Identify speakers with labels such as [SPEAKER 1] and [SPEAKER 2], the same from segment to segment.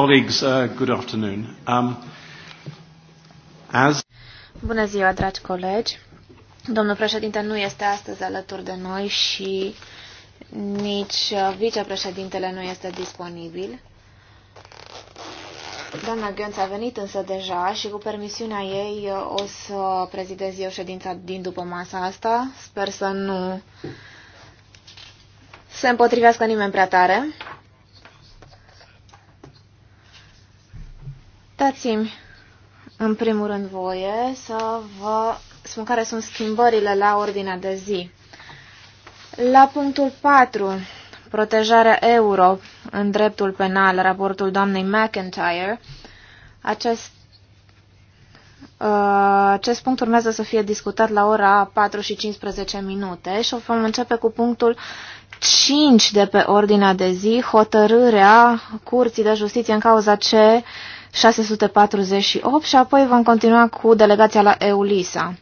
[SPEAKER 1] Colleagues, uh, good afternoon. Um, as...
[SPEAKER 2] Bună ziua, dragi colegi. Domnul președinte nu este astăzi alături de noi și nici uh, vicepreședintele nu este disponibil. Doamna Gheonț a venit însă deja și cu permisiunea ei uh, o să prezidez eu ședința din după masa asta. Sper să nu se împotrivească nimeni prea tare. Dați-mi, în primul rând, voie să vă spun care sunt schimbările la ordinea de zi. La punctul 4, protejarea euro în dreptul penal, raportul doamnei McIntyre, acest, uh, acest punct urmează să fie discutat la ora 4 și 15 minute și o vom începe cu punctul 5 de pe ordinea de zi, hotărârea Curții de Justiție în cauza ce uh, 648 și apoi vom continua cu delegația la EULISA.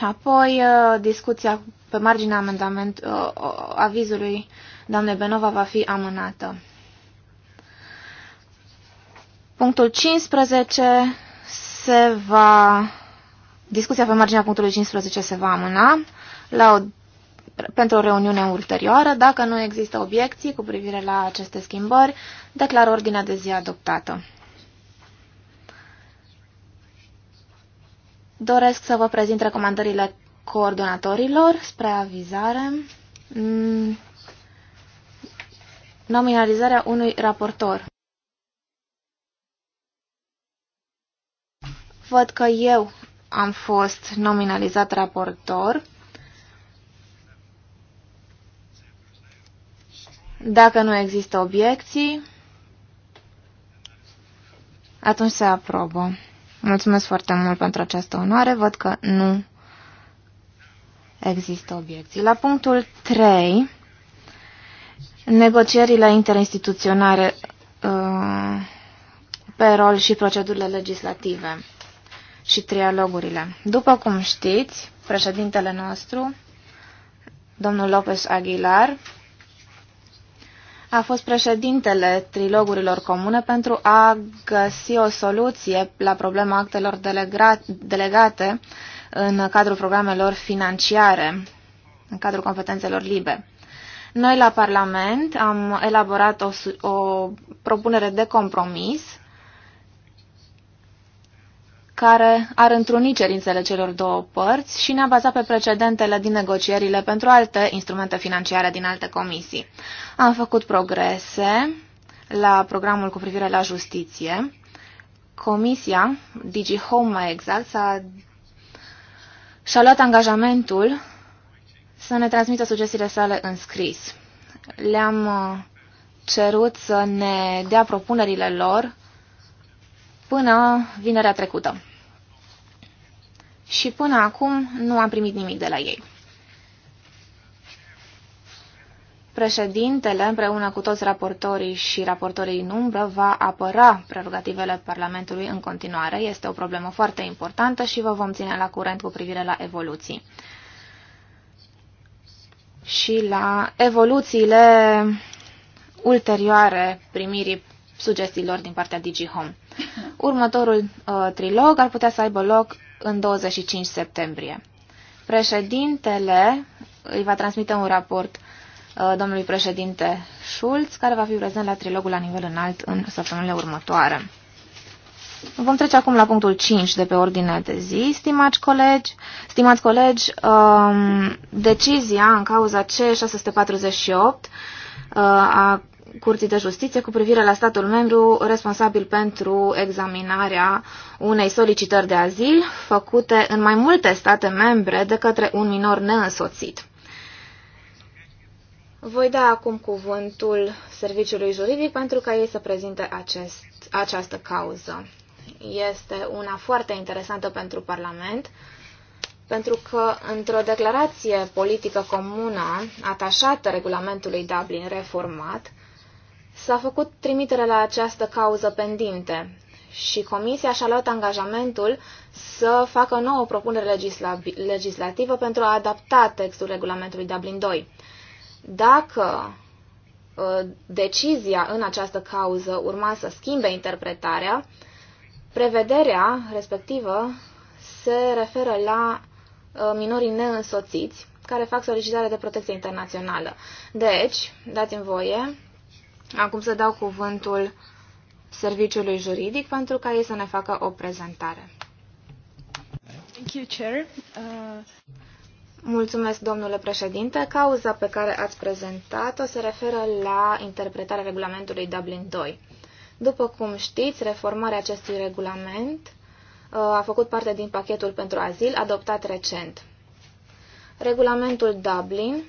[SPEAKER 2] Apoi uh, discuția pe marginea amendament, uh, uh, avizului doamnei Benova va fi amânată. Punctul 15 se va... Discuția pe marginea punctului 15 se va amâna la o pentru o reuniune ulterioară. Dacă nu există obiecții cu privire la aceste schimbări, declar ordinea de zi adoptată. Doresc să vă prezint recomandările coordonatorilor spre avizare. Mm. Nominalizarea unui raportor. Văd că eu am fost nominalizat raportor Dacă nu există obiecții, atunci se aprobă. Mulțumesc foarte mult pentru această onoare. Văd că nu există obiecții. La punctul 3, negocierile interinstituționale uh, pe rol și procedurile legislative și trialogurile. După cum știți, președintele nostru, domnul Lopez Aguilar, a fost președintele trilogurilor comune pentru a găsi o soluție la problema actelor delegate în cadrul programelor financiare, în cadrul competențelor libe. Noi la Parlament am elaborat o, o propunere de compromis care ar întruni cerințele celor două părți și ne-a bazat pe precedentele din negocierile pentru alte instrumente financiare din alte comisii. Am făcut progrese la programul cu privire la justiție. Comisia, DigiHome mai exact, s-a, și-a luat angajamentul să ne transmită sugestiile sale în scris. Le-am uh, cerut să ne dea propunerile lor până vinerea trecută și până acum nu am primit nimic de la ei. Președintele, împreună cu toți raportorii și raportorii în umbră, va apăra prerogativele Parlamentului în continuare. Este o problemă foarte importantă și vă vom ține la curent cu privire la evoluții. Și la evoluțiile ulterioare primirii sugestiilor din partea DigiHome. Următorul uh, trilog ar putea să aibă loc în 25 septembrie. Președintele îi va transmite un raport uh, domnului președinte Schulz, care va fi prezent la trilogul la nivel înalt în săptămânile următoare. Vom trece acum la punctul 5 de pe ordinea de zi, stimați colegi. Stimați colegi, um, decizia în cauza C648 uh, a Curții de Justiție cu privire la statul membru responsabil pentru examinarea unei solicitări de azil făcute în mai multe state membre de către un minor neînsoțit. Voi da acum cuvântul serviciului juridic pentru ca ei să prezinte acest, această cauză. Este una foarte interesantă pentru Parlament, pentru că într-o declarație politică comună atașată regulamentului Dublin reformat, S-a făcut trimitere la această cauză pendinte și Comisia și-a luat angajamentul să facă o nouă propunere legisla legislativă pentru a adapta textul regulamentului Dublin 2. Dacă ă, decizia în această cauză urma să schimbe interpretarea, prevederea respectivă se referă la ă, minorii neînsoțiți care fac solicitare de protecție internațională. Deci, dați-mi voie Acum să dau cuvântul serviciului juridic pentru ca ei să ne facă o prezentare.
[SPEAKER 1] Thank you, Chair. Uh...
[SPEAKER 2] Mulțumesc, domnule președinte. Cauza pe care ați prezentat-o se referă la interpretarea regulamentului Dublin 2. După cum știți, reformarea acestui regulament uh, a făcut parte din pachetul pentru azil adoptat recent. Regulamentul Dublin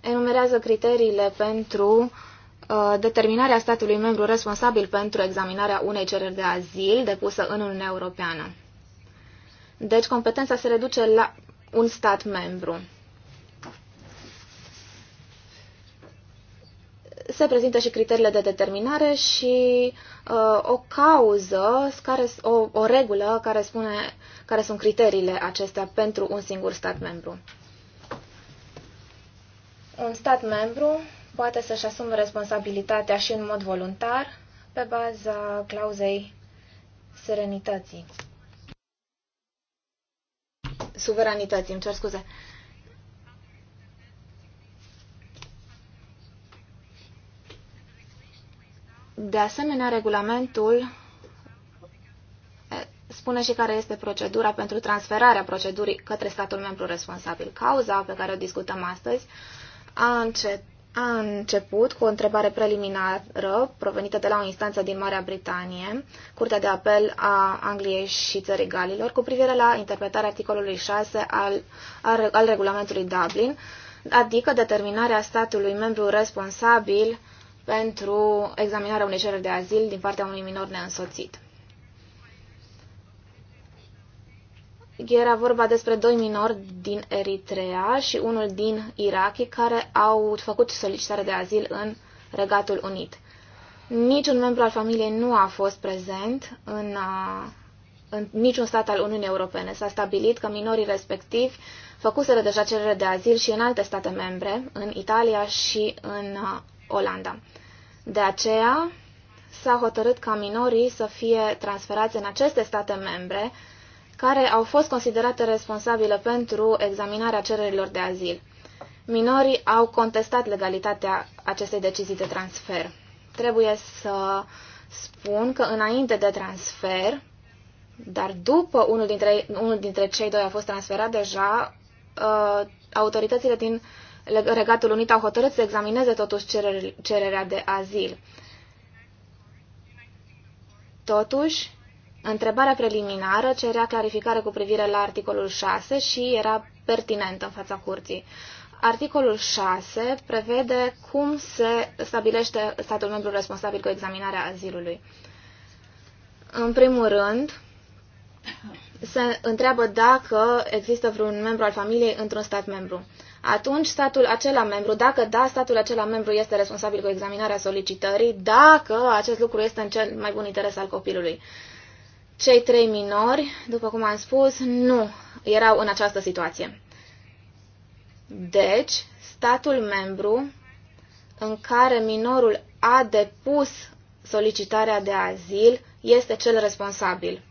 [SPEAKER 2] enumerează criteriile pentru Uh, determinarea statului membru responsabil pentru examinarea unei cereri de azil depusă în Uniunea Europeană. Deci competența se reduce la un stat membru. Se prezintă și criteriile de determinare și uh, o cauză, care, o, o regulă care spune care sunt criteriile acestea pentru un singur stat membru. Un stat membru poate să-și asume responsabilitatea și în mod voluntar, pe baza clauzei serenității. Suveranității, îmi cer scuze. De asemenea, regulamentul spune și care este procedura pentru transferarea procedurii către statul membru responsabil. Cauza pe care o discutăm astăzi a, încet, a început cu o întrebare preliminară provenită de la o instanță din Marea Britanie, Curtea de Apel a Angliei și Țării Galilor, cu privire la interpretarea articolului 6 al, al, al regulamentului Dublin, adică determinarea statului membru responsabil pentru examinarea unei cereri de azil din partea unui minor neînsoțit. Era vorba despre doi minori din Eritrea și unul din Irak care au făcut solicitare de azil în Regatul Unit. Niciun membru al familiei nu a fost prezent în, în niciun stat al Uniunii Europene. S-a stabilit că minorii respectivi făcuseră deja cerere de azil și în alte state membre, în Italia și în Olanda. De aceea s-a hotărât ca minorii să fie transferați în aceste state membre care au fost considerate responsabile pentru examinarea cererilor de azil. Minorii au contestat legalitatea acestei decizii de transfer. Trebuie să spun că înainte de transfer, dar după unul dintre, unul dintre cei doi a fost transferat deja, uh, autoritățile din Regatul Unit au hotărât să examineze totuși cererea de azil. Totuși, Întrebarea preliminară cerea clarificare cu privire la articolul 6 și era pertinentă în fața curții. Articolul 6 prevede cum se stabilește statul membru responsabil cu examinarea azilului. În primul rând, se întreabă dacă există vreun membru al familiei într-un stat membru. Atunci, statul acela membru, dacă da, statul acela membru este responsabil cu examinarea solicitării, dacă acest lucru este în cel mai bun interes al copilului. Cei trei minori, după cum am spus, nu erau în această situație. Deci, statul membru în care minorul a depus solicitarea de azil este cel responsabil.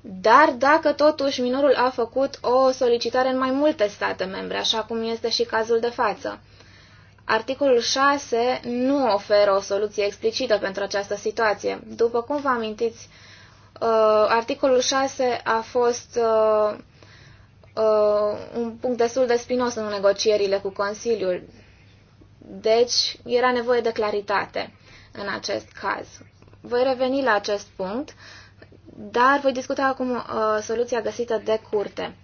[SPEAKER 2] Dar dacă totuși minorul a făcut o solicitare în mai multe state membre, așa cum este și cazul de față, Articolul 6 nu oferă o soluție explicită pentru această situație. După cum vă amintiți, uh, articolul 6 a fost uh, uh, un punct destul de spinos în negocierile cu Consiliul. Deci era nevoie de claritate în acest caz. Voi reveni la acest punct, dar voi discuta acum uh, soluția găsită de curte.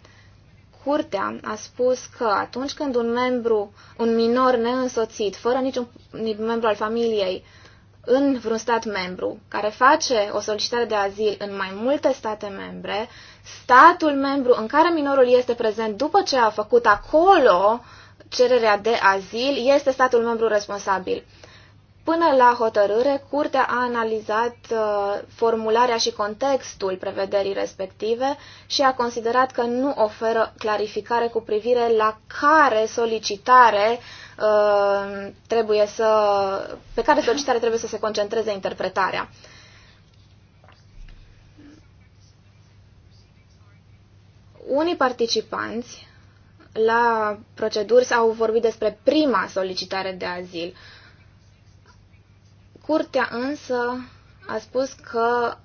[SPEAKER 2] Curtea a spus că atunci când un membru, un minor neînsoțit, fără niciun membru al familiei, în vreun stat membru care face o solicitare de azil în mai multe state membre, statul membru în care minorul este prezent după ce a făcut acolo cererea de azil este statul membru responsabil. Până la hotărâre, curtea a analizat uh, formularea și contextul prevederii respective și a considerat că nu oferă clarificare cu privire la care solicitare uh, trebuie să, pe care solicitare trebuie să se concentreze interpretarea. Unii participanți la proceduri au vorbit despre prima solicitare de azil. Uh, Curtea însă a spus că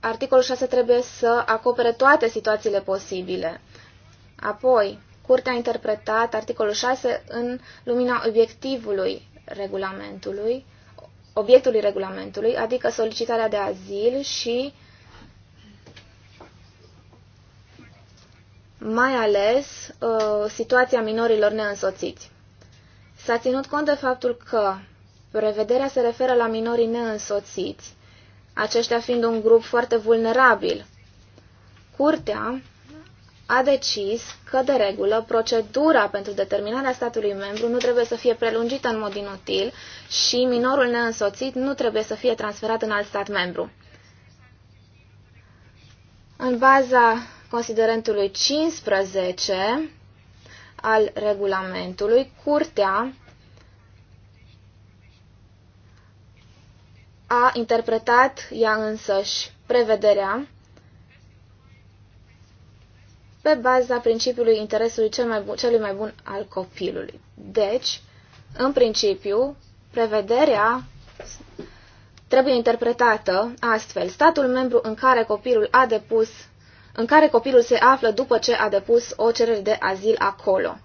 [SPEAKER 2] articolul 6 trebuie să acopere toate situațiile posibile. Apoi, Curtea a interpretat articolul 6 în lumina obiectivului regulamentului, obiectului regulamentului, adică solicitarea de azil și mai ales uh, situația minorilor neînsoțiți. S-a ținut cont de faptul că Prevederea se referă la minorii neînsoțiți, aceștia fiind un grup foarte vulnerabil. Curtea a decis că, de regulă, procedura pentru determinarea statului membru nu trebuie să fie prelungită în mod inutil și minorul neînsoțit nu trebuie să fie transferat în alt stat membru. În baza considerentului 15 al regulamentului, Curtea a interpretat ea însăși prevederea pe baza principiului interesului cel mai bun, celui mai bun al copilului. Deci, în principiu, prevederea trebuie interpretată astfel. Statul membru în care copilul a depus în care copilul se află după ce a depus o cerere de azil acolo.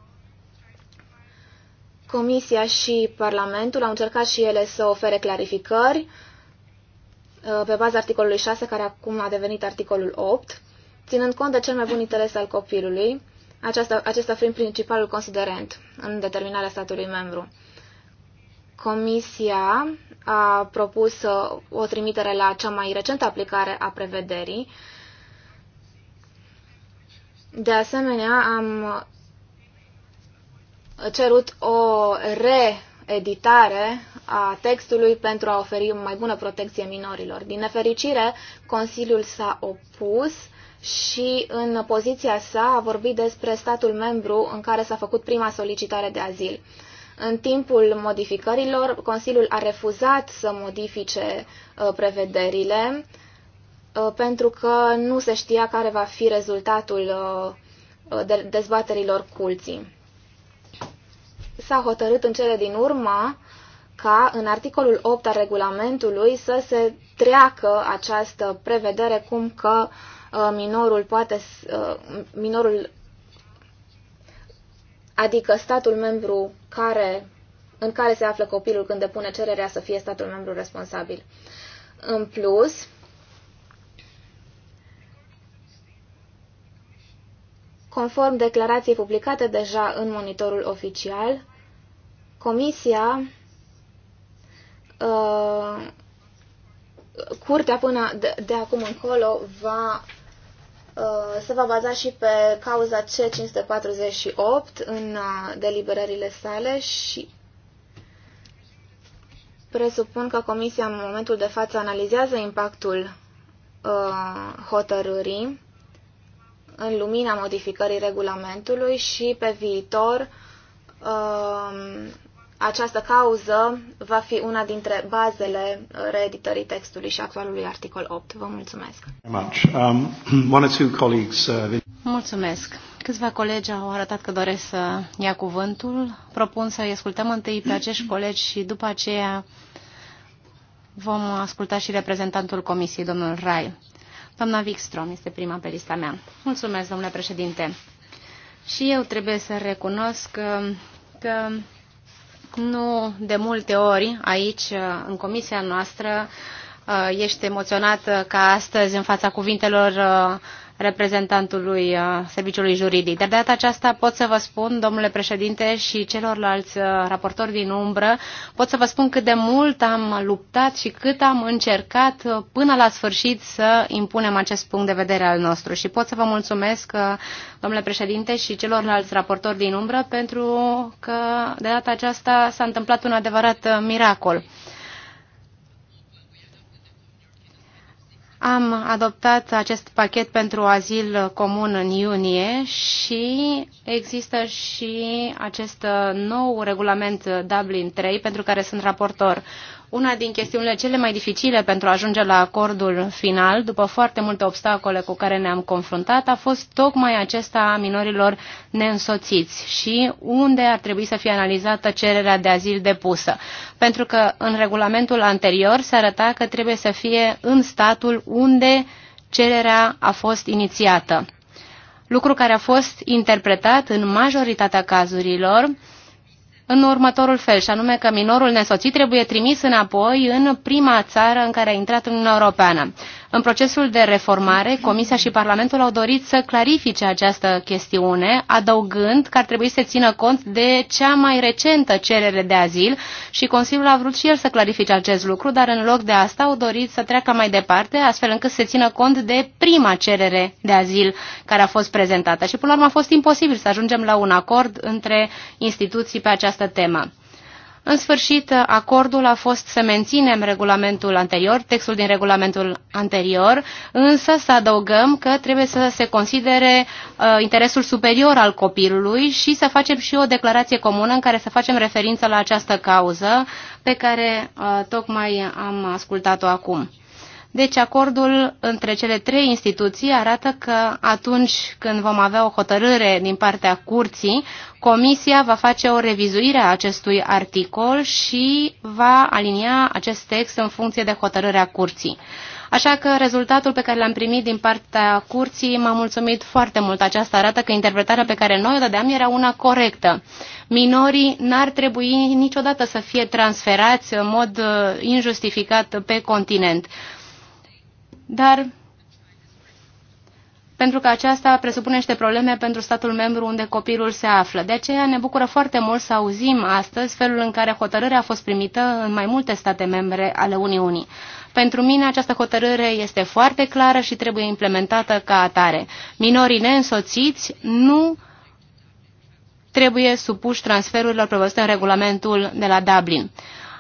[SPEAKER 2] Comisia și Parlamentul au încercat și ele să ofere clarificări Uh, pe baza articolului 6, care acum a devenit articolul 8, ținând cont de cel mai bun interes al copilului, aceasta, acesta fiind principalul considerent în determinarea statului membru. Comisia a propus uh, o trimitere la cea mai recentă aplicare a prevederii. De asemenea, am cerut o re editare a textului pentru a oferi o mai bună protecție minorilor. Din nefericire, Consiliul s-a opus și în poziția sa a vorbit despre statul membru în care s-a făcut prima solicitare de azil. În timpul modificărilor, Consiliul a refuzat să modifice uh, prevederile uh, pentru că nu se știa care va fi rezultatul uh, dezbaterilor culții s-a hotărât în cele din urmă ca în articolul 8 al regulamentului să se treacă această prevedere cum că uh, minorul poate uh, minorul adică statul membru care, în care se află copilul când depune cererea să fie statul membru responsabil. În plus, conform declarației publicate deja în monitorul oficial, Comisia, uh, curtea până de, de acum încolo va uh, se va baza și pe cauza C548 în uh, deliberările sale și presupun că Comisia în momentul de față analizează impactul hotărârii în lumina modificării regulamentului și pe viitor uh, această cauză va fi una dintre bazele reeditării textului și actualului articol 8. Vă mulțumesc.
[SPEAKER 3] Mulțumesc. Câțiva colegi au arătat că doresc să ia cuvântul. Propun să-i ascultăm întâi pe acești colegi și după aceea vom asculta și reprezentantul Comisiei, domnul Rai. Doamna Wikstrom este prima pe lista mea. Mulțumesc, domnule președinte. Și eu trebuie să recunosc um, că, că nu de multe ori aici, în comisia noastră, uh, ești emoționat uh, ca astăzi în fața cuvintelor uh, reprezentantului uh, serviciului juridic. Dar de data aceasta pot să vă spun, domnule președinte și celorlalți uh, raportori din umbră, pot să vă spun cât de mult am luptat și cât am încercat uh, până la sfârșit să impunem acest punct de vedere al nostru. Și pot să vă mulțumesc, domnule președinte și celorlalți raportori din umbră, pentru că de data aceasta s-a întâmplat un adevărat miracol. Am adoptat acest pachet pentru azil comun în iunie și există și acest nou regulament Dublin 3 pentru care sunt raportor una din chestiunile cele mai dificile pentru a ajunge la acordul final, după foarte multe obstacole cu care ne-am confruntat, a fost tocmai acesta a minorilor neînsoțiți și unde ar trebui să fie analizată cererea de azil depusă. Pentru că în regulamentul anterior se arăta că trebuie să fie în statul unde cererea a fost inițiată. Lucru care a fost interpretat în majoritatea cazurilor în următorul fel, și anume că minorul nesoțit trebuie trimis înapoi în prima țară în care a intrat în Uniunea Europeană. În procesul de reformare, Comisia și Parlamentul au dorit să clarifice această chestiune, adăugând că ar trebui să țină cont de cea mai recentă cerere de azil și Consiliul a vrut și el să clarifice acest lucru, dar în loc de asta au dorit să treacă mai departe, astfel încât să țină cont de prima cerere de azil care a fost prezentată. Și până la urmă a fost imposibil să ajungem la un acord între instituții pe această temă. În sfârșit, acordul a fost să menținem regulamentul anterior, textul din regulamentul anterior, însă să adăugăm că trebuie să se considere uh, interesul superior al copilului și să facem și o declarație comună în care să facem referință la această cauză pe care uh, tocmai am ascultat-o acum. Deci acordul între cele trei instituții arată că atunci când vom avea o hotărâre din partea curții, Comisia va face o revizuire a acestui articol și va alinia acest text în funcție de hotărârea curții. Așa că rezultatul pe care l-am primit din partea curții m-a mulțumit foarte mult. Aceasta arată că interpretarea pe care noi o dădeam era una corectă. Minorii n-ar trebui niciodată să fie transferați în mod uh, injustificat pe continent dar pentru că aceasta presupune niște probleme pentru statul membru unde copilul se află. De aceea ne bucură foarte mult să auzim astăzi felul în care hotărârea a fost primită în mai multe state membre ale Uniunii. Pentru mine această hotărâre este foarte clară și trebuie implementată ca atare. Minorii neînsoțiți nu trebuie supuși transferurilor prevăzute în regulamentul de la Dublin.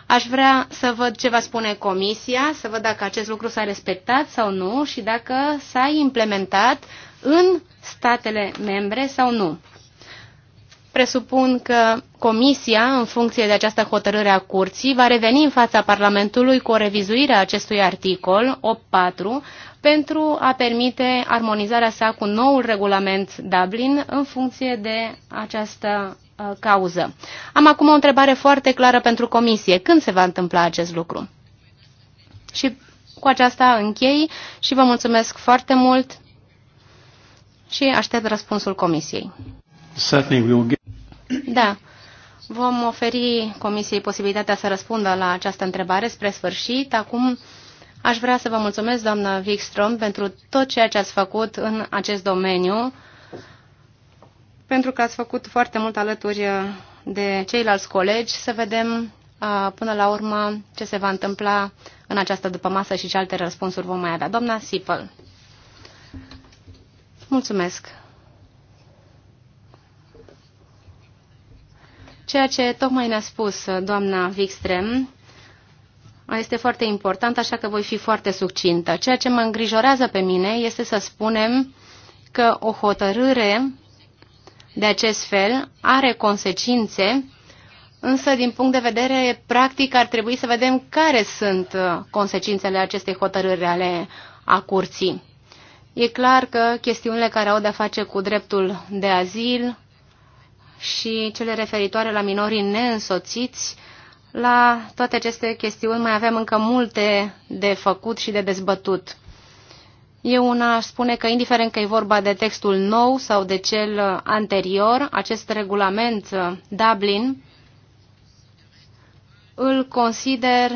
[SPEAKER 3] Aș vrea să văd ce va spune Comisia, să văd dacă acest lucru s-a respectat sau nu și dacă s-a implementat în statele membre sau nu. Presupun că Comisia, în funcție de această hotărâre a Curții, va reveni în fața Parlamentului cu o revizuire a acestui articol 8.4 pentru a permite armonizarea sa cu noul regulament Dublin în funcție de această Uh, cauză. Am acum o întrebare foarte clară pentru comisie. Când se va întâmpla acest lucru? Și cu aceasta închei și vă mulțumesc foarte mult și aștept răspunsul comisiei. Da. Vom oferi comisiei posibilitatea să răspundă la această întrebare spre sfârșit. Acum aș vrea să vă mulțumesc, doamnă Wikström, pentru tot ceea ce ați făcut în acest domeniu pentru că ați făcut foarte mult alături uh, de ceilalți colegi, să vedem uh, până la urmă ce se va întâmpla în această dupămasă și ce alte răspunsuri vom mai avea. Doamna Sipăl. Mulțumesc. Ceea ce tocmai ne-a spus uh, doamna Wikström este foarte important, așa că voi fi foarte succintă. Ceea ce mă îngrijorează pe mine este să spunem că o hotărâre de acest fel are consecințe, însă din punct de vedere practic ar trebui să vedem care sunt uh, consecințele acestei hotărâri ale a curții. E clar că chestiunile care au de-a face cu dreptul de azil și cele referitoare la minorii neînsoțiți, la toate aceste chestiuni mai avem încă multe de făcut și de dezbătut. Eu una aș spune că, indiferent că e vorba de textul nou sau de cel anterior, acest regulament uh, Dublin îl consider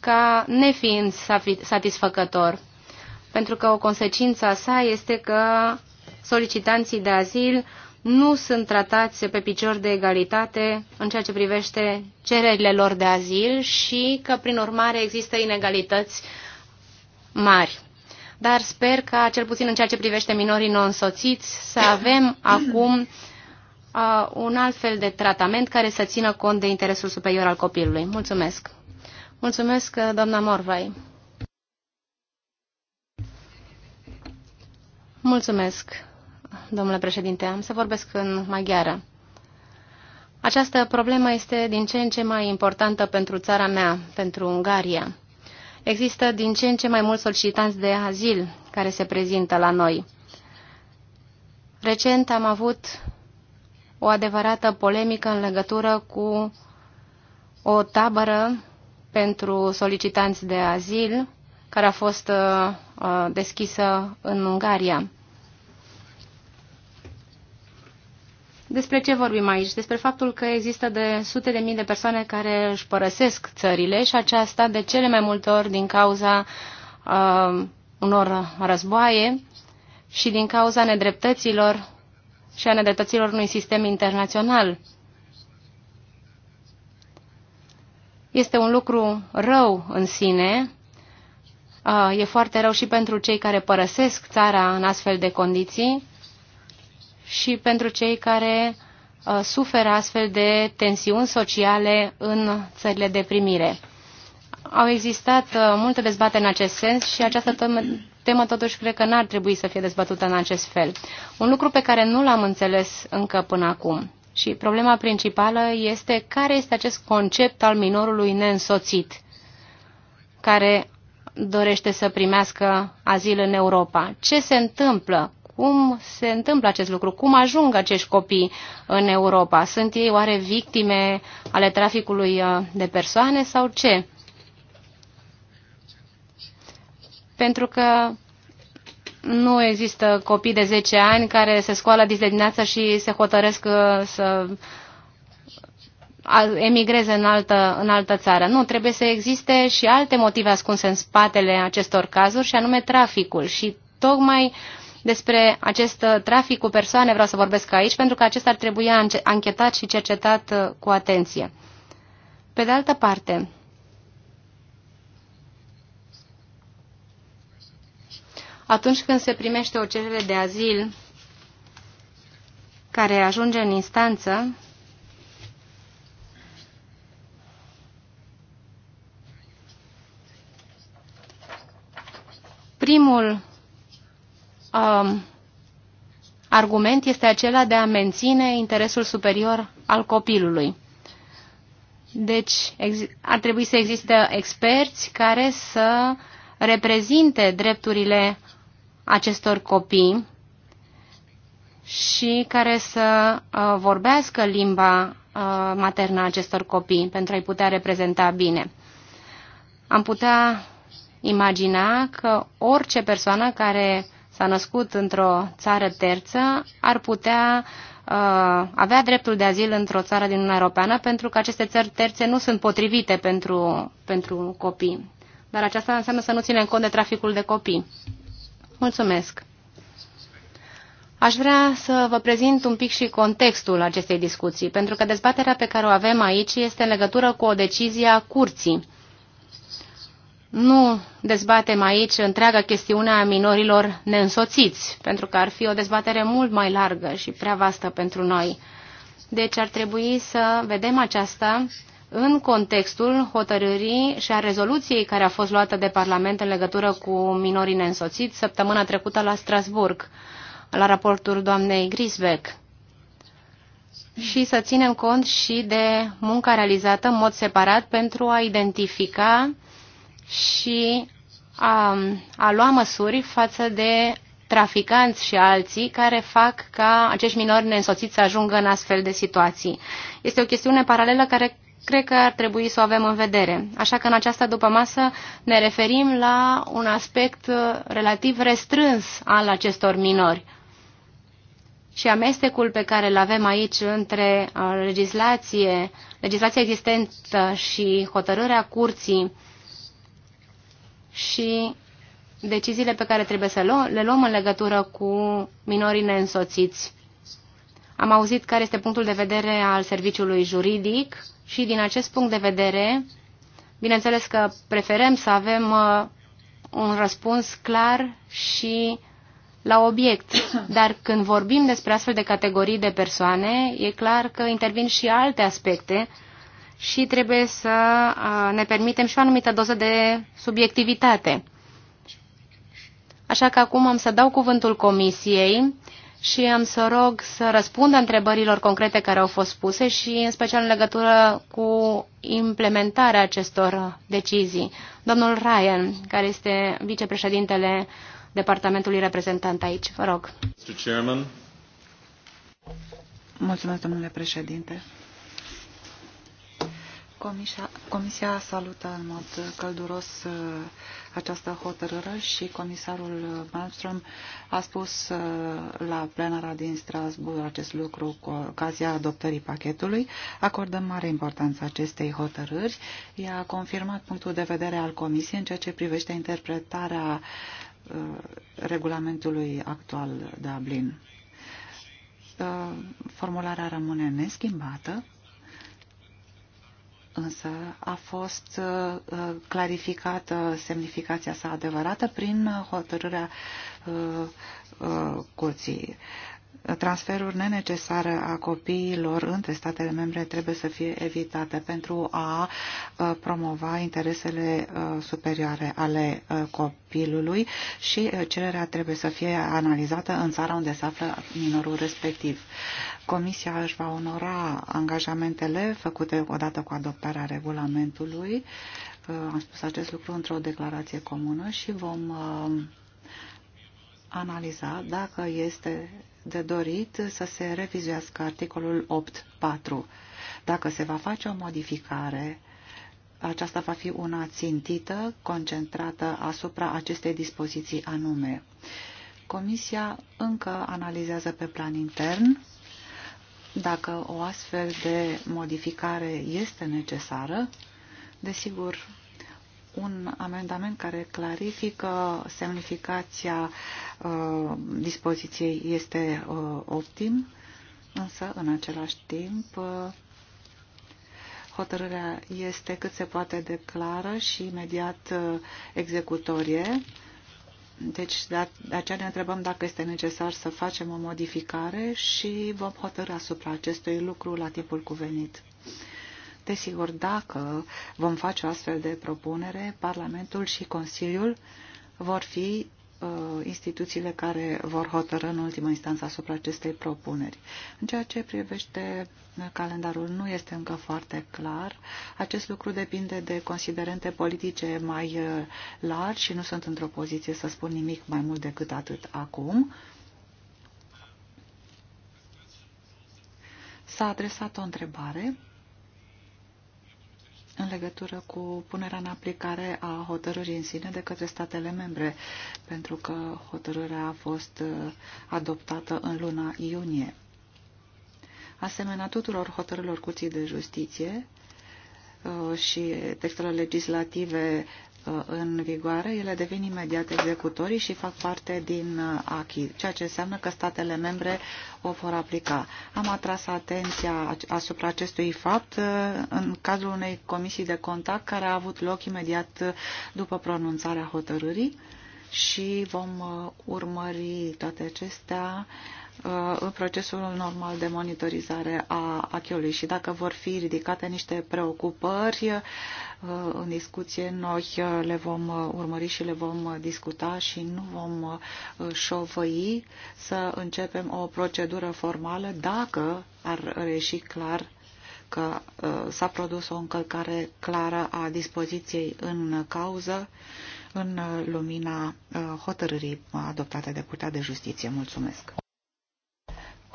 [SPEAKER 3] ca nefiind satisfăcător, pentru că o consecință a sa este că solicitanții de azil nu sunt tratați pe picior de egalitate în ceea ce privește cererile lor de azil și că, prin urmare, există inegalități mari dar sper că, cel puțin în ceea ce privește minorii non-soțiți, să avem acum uh, un alt fel de tratament care să țină cont de interesul superior al copilului. Mulțumesc! Mulțumesc, doamna Morvai! Mulțumesc, domnule președinte. Am să vorbesc în maghiară. Această problemă este din ce în ce mai importantă pentru țara mea, pentru Ungaria. Există din ce în ce mai mulți solicitanți de azil care se prezintă la noi. Recent am avut o adevărată polemică în legătură cu o tabără pentru solicitanți de azil care a fost uh, uh, deschisă în Ungaria. Despre ce vorbim aici? Despre faptul că există de sute de mii de persoane care își părăsesc țările și aceasta de cele mai multe ori din cauza uh, unor războaie și din cauza nedreptăților și a nedreptăților unui sistem internațional. Este un lucru rău în sine, uh, e foarte rău și pentru cei care părăsesc țara în astfel de condiții, și pentru cei care uh, suferă astfel de tensiuni sociale în țările de primire. Au existat uh, multe dezbateri în acest sens și această temă totuși cred că n-ar trebui să fie dezbătută în acest fel. Un lucru pe care nu l-am înțeles încă până acum și problema principală este care este acest concept al minorului neînsoțit care dorește să primească azil în Europa. Ce se întâmplă cum se întâmplă acest lucru? Cum ajung acești copii în Europa? Sunt ei oare victime ale traficului uh, de persoane sau ce? Pentru că nu există copii de 10 ani care se scoală dimineață și se hotărăsc uh, să emigreze în altă, în altă țară. Nu, trebuie să existe și alte motive ascunse în spatele acestor cazuri, și anume traficul. Și tocmai uh, despre acest uh, trafic cu persoane vreau să vorbesc aici, pentru că acesta ar trebui anchetat și cercetat uh, cu atenție. Pe de altă parte, atunci când se primește o cerere de azil care ajunge în instanță, primul um, argument este acela de a menține interesul superior al copilului. Deci ar trebui să existe experți care să reprezinte drepturile acestor copii și care să uh, vorbească limba uh, maternă a acestor copii pentru a-i putea reprezenta bine. Am putea imagina că orice persoană care s-a născut într-o țară terță ar putea uh, avea dreptul de azil într-o țară din Uniunea Europeană pentru că aceste țări terțe nu sunt potrivite pentru, pentru copii. Dar aceasta înseamnă să nu ținem cont de traficul de copii. Mulțumesc! Aș vrea să vă prezint un pic și contextul acestei discuții, pentru că dezbaterea pe care o avem aici este în legătură cu o decizie a curții nu dezbatem aici întreaga chestiune a minorilor neînsoțiți, pentru că ar fi o dezbatere mult mai largă și prea vastă pentru noi. Deci ar trebui să vedem aceasta în contextul hotărârii și a rezoluției care a fost luată de Parlament în legătură cu minorii neînsoțiți săptămâna trecută la Strasburg, la raportul doamnei Grisbeck și să ținem cont și de munca realizată în mod separat pentru a identifica și a, a lua măsuri față de traficanți și alții care fac ca acești minori neînsoțiți să ajungă în astfel de situații. Este o chestiune paralelă care cred că ar trebui să o avem în vedere. Așa că în această dupămasă ne referim la un aspect uh, relativ restrâns al acestor minori. Și amestecul pe care îl avem aici între uh, legislație, legislația existentă și hotărârea curții și deciziile pe care trebuie să le luăm în legătură cu minorii neînsoțiți. Am auzit care este punctul de vedere al serviciului juridic și din acest punct de vedere, bineînțeles că preferăm să avem uh, un răspuns clar și la obiect. Dar când vorbim despre astfel de categorii de persoane, e clar că intervin și alte aspecte și trebuie să ne permitem și o anumită doză de subiectivitate. Așa că acum am să dau cuvântul Comisiei și am să rog să răspundă întrebărilor concrete care au fost puse și în special în legătură cu implementarea acestor decizii. Domnul Ryan, care este vicepreședintele departamentului reprezentant aici. Vă rog.
[SPEAKER 4] Mulțumesc, domnule președinte. Comisia, comisia salută în mod călduros uh, această hotărâre și comisarul Malmström a spus uh, la plenara din Strasbourg acest lucru cu ocazia adoptării pachetului. Acordăm mare importanță acestei hotărâri. Ea a confirmat punctul de vedere al comisiei în ceea ce privește interpretarea uh, regulamentului actual Dublin formularea rămâne neschimbată însă a fost uh, uh, clarificată semnificația sa adevărată prin uh, hotărârea curții transferuri nenecesare a copiilor între statele membre trebuie să fie evitate pentru a uh, promova interesele uh, superioare ale uh, copilului și cererea trebuie să fie analizată în țara unde se află minorul respectiv. Comisia își va onora angajamentele făcute odată cu adoptarea regulamentului. Am spus acest lucru într-o declarație comună și vom analiza dacă este de dorit să se revizuiască articolul 8.4. Dacă se va face o modificare, aceasta va fi una țintită, concentrată asupra acestei dispoziții anume. Comisia încă analizează pe plan intern dacă o astfel de modificare este necesară. Desigur, un amendament care clarifică semnificația uh, dispoziției este uh, optim, însă în același timp uh, hotărârea este cât se poate de clară și imediat uh, executorie. Deci de aceea ne întrebăm dacă este necesar să facem o modificare și vom hotărâ asupra acestui lucru la timpul cuvenit. Uh, Desigur, dacă vom face o astfel de propunere, Parlamentul și Consiliul vor fi uh, instituțiile care vor hotărâ în ultimă instanță asupra acestei propuneri. În ceea ce privește calendarul, nu este încă foarte clar. Acest lucru depinde de considerente politice mai uh, largi și nu sunt într-o poziție să spun nimic mai mult decât atât acum. S-a adresat o întrebare în legătură cu punerea în aplicare a hotărârii în sine de către statele membre, pentru că hotărârea a fost uh, adoptată în luna iunie. Asemenea tuturor hotărârilor Curții de Justiție uh, și textelor legislative Uh, în vigoare, ele devin imediat executorii și fac parte din uh, aci. ceea ce înseamnă că statele membre o vor aplica. Am atras atenția asupra acestui fapt uh, în cazul unei comisii de contact care a avut loc imediat după pronunțarea hotărârii și vom urmări toate acestea Uh, în procesul normal de monitorizare a acheului și dacă vor fi ridicate niște preocupări uh, în discuție, noi uh, le vom urmări și le vom discuta și nu vom șovăi să începem o procedură formală dacă ar reși clar că s-a produs o încălcare clară a dispoziției în cauză în lumina hotărârii adoptate de Curtea de Justiție. Mulțumesc!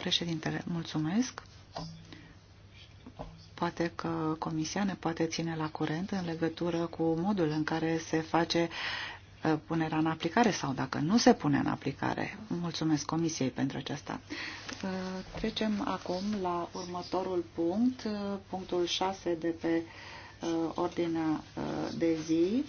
[SPEAKER 4] Președintele, mulțumesc. Poate că Comisia ne poate ține la curent în legătură cu modul în care se face uh, punerea în aplicare sau dacă nu se pune în aplicare. Mulțumesc Comisiei pentru aceasta. Uh, trecem acum la următorul punct, uh, punctul 6 de pe ordinea de zi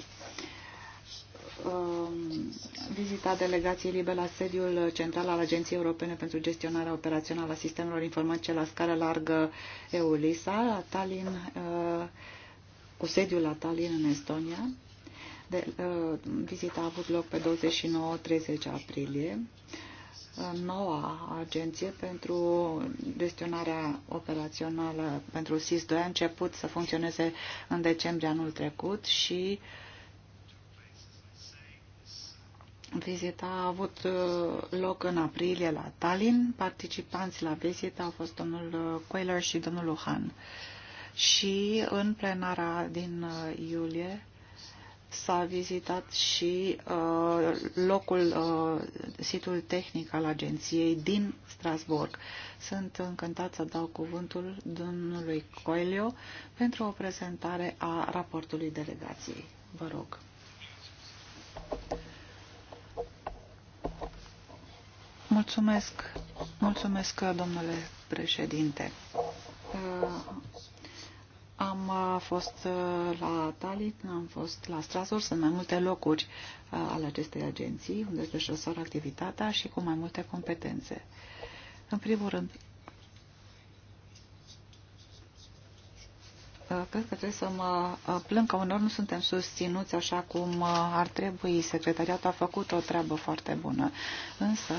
[SPEAKER 4] Um, vizita delegației libe la sediul central al Agenției Europene pentru Gestionarea Operațională a Sistemelor Informatice la scară largă EULISA, la Tallinn, uh, cu sediul la Tallinn în Estonia. De, uh, vizita a avut loc pe 29-30 aprilie. Uh, noua agenție pentru gestionarea operațională pentru SIS-2 a început să funcționeze în decembrie anul trecut și uh, Vizita a avut uh, loc în aprilie la Tallinn. Participanți la vizită au fost domnul uh, Queller și domnul Luhan. Și în plenara din uh, iulie s-a vizitat și uh, locul, uh, situl tehnic al agenției din Strasburg. Sunt încântat să dau cuvântul domnului Coelho pentru o prezentare a raportului delegației. Vă rog. Mulțumesc, mulțumesc, domnule președinte. Uh, am uh, fost uh, la Tallinn, am fost la Strasbourg, sunt mai multe locuri ale acestei agenții, unde se desfășoară activitatea și cu mai multe competențe. În primul rând, cred că trebuie să mă plâng că uneori nu suntem susținuți așa cum ar trebui. Secretariatul a făcut o treabă foarte bună. Însă,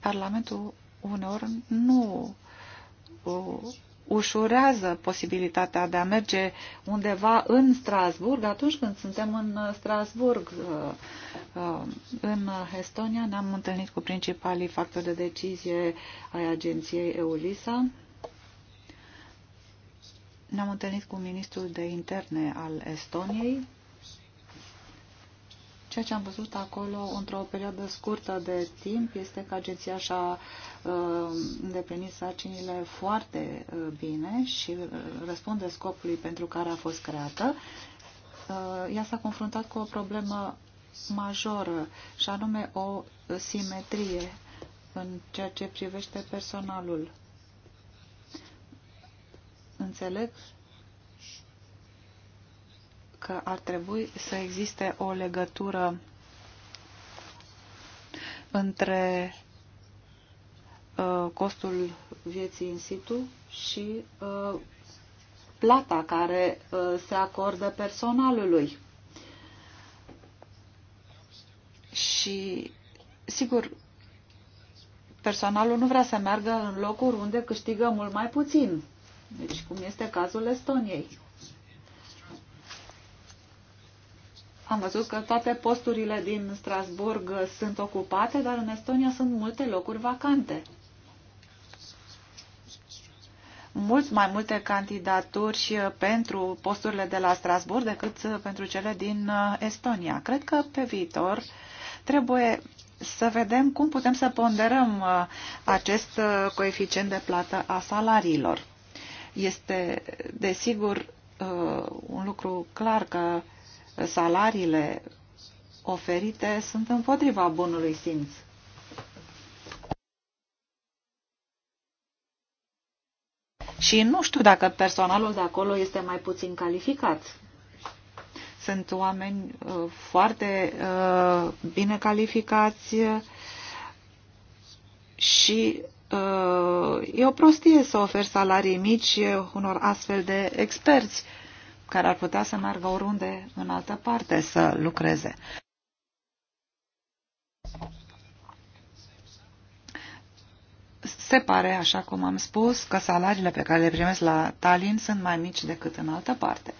[SPEAKER 4] Parlamentul uneori nu uh, ușurează posibilitatea de a merge undeva în Strasburg atunci când suntem în uh, Strasburg. Uh, în Estonia ne-am întâlnit cu principalii factori de decizie ai agenției EULISA. Ne-am întâlnit cu ministrul de interne al Estoniei Ceea ce am văzut acolo într-o perioadă scurtă de timp este că agenția și-a uh, îndeplinit sarcinile foarte uh, bine și uh, răspunde scopului pentru care a fost creată. Ea s-a confruntat cu o problemă majoră și anume o simetrie în ceea ce privește personalul. Înțeleg că ar trebui să existe o legătură între uh, costul vieții în situ și uh, plata care uh, se acordă personalului. Și, sigur, personalul nu vrea să meargă în locuri unde câștigă mult mai puțin. Deci, cum este cazul Estoniei. Am văzut că toate posturile din Strasburg sunt ocupate, dar în Estonia sunt multe locuri vacante. Mult mai multe candidaturi și uh, pentru posturile de la Strasburg decât uh, pentru cele din uh, Estonia. Cred că pe viitor trebuie să vedem cum putem să ponderăm acest coeficient de plată a salariilor. Este, desigur, un lucru clar că salariile oferite sunt împotriva bunului simț. Și nu știu dacă personalul de acolo este mai puțin calificat. Sunt oameni uh, foarte uh, bine calificați și uh, e o prostie să oferi salarii mici unor astfel de experți. Uh, care ar putea să meargă oriunde în altă parte să lucreze. Se pare, așa cum am spus, că salariile pe care le primesc la Tallinn sunt mai mici decât în altă parte.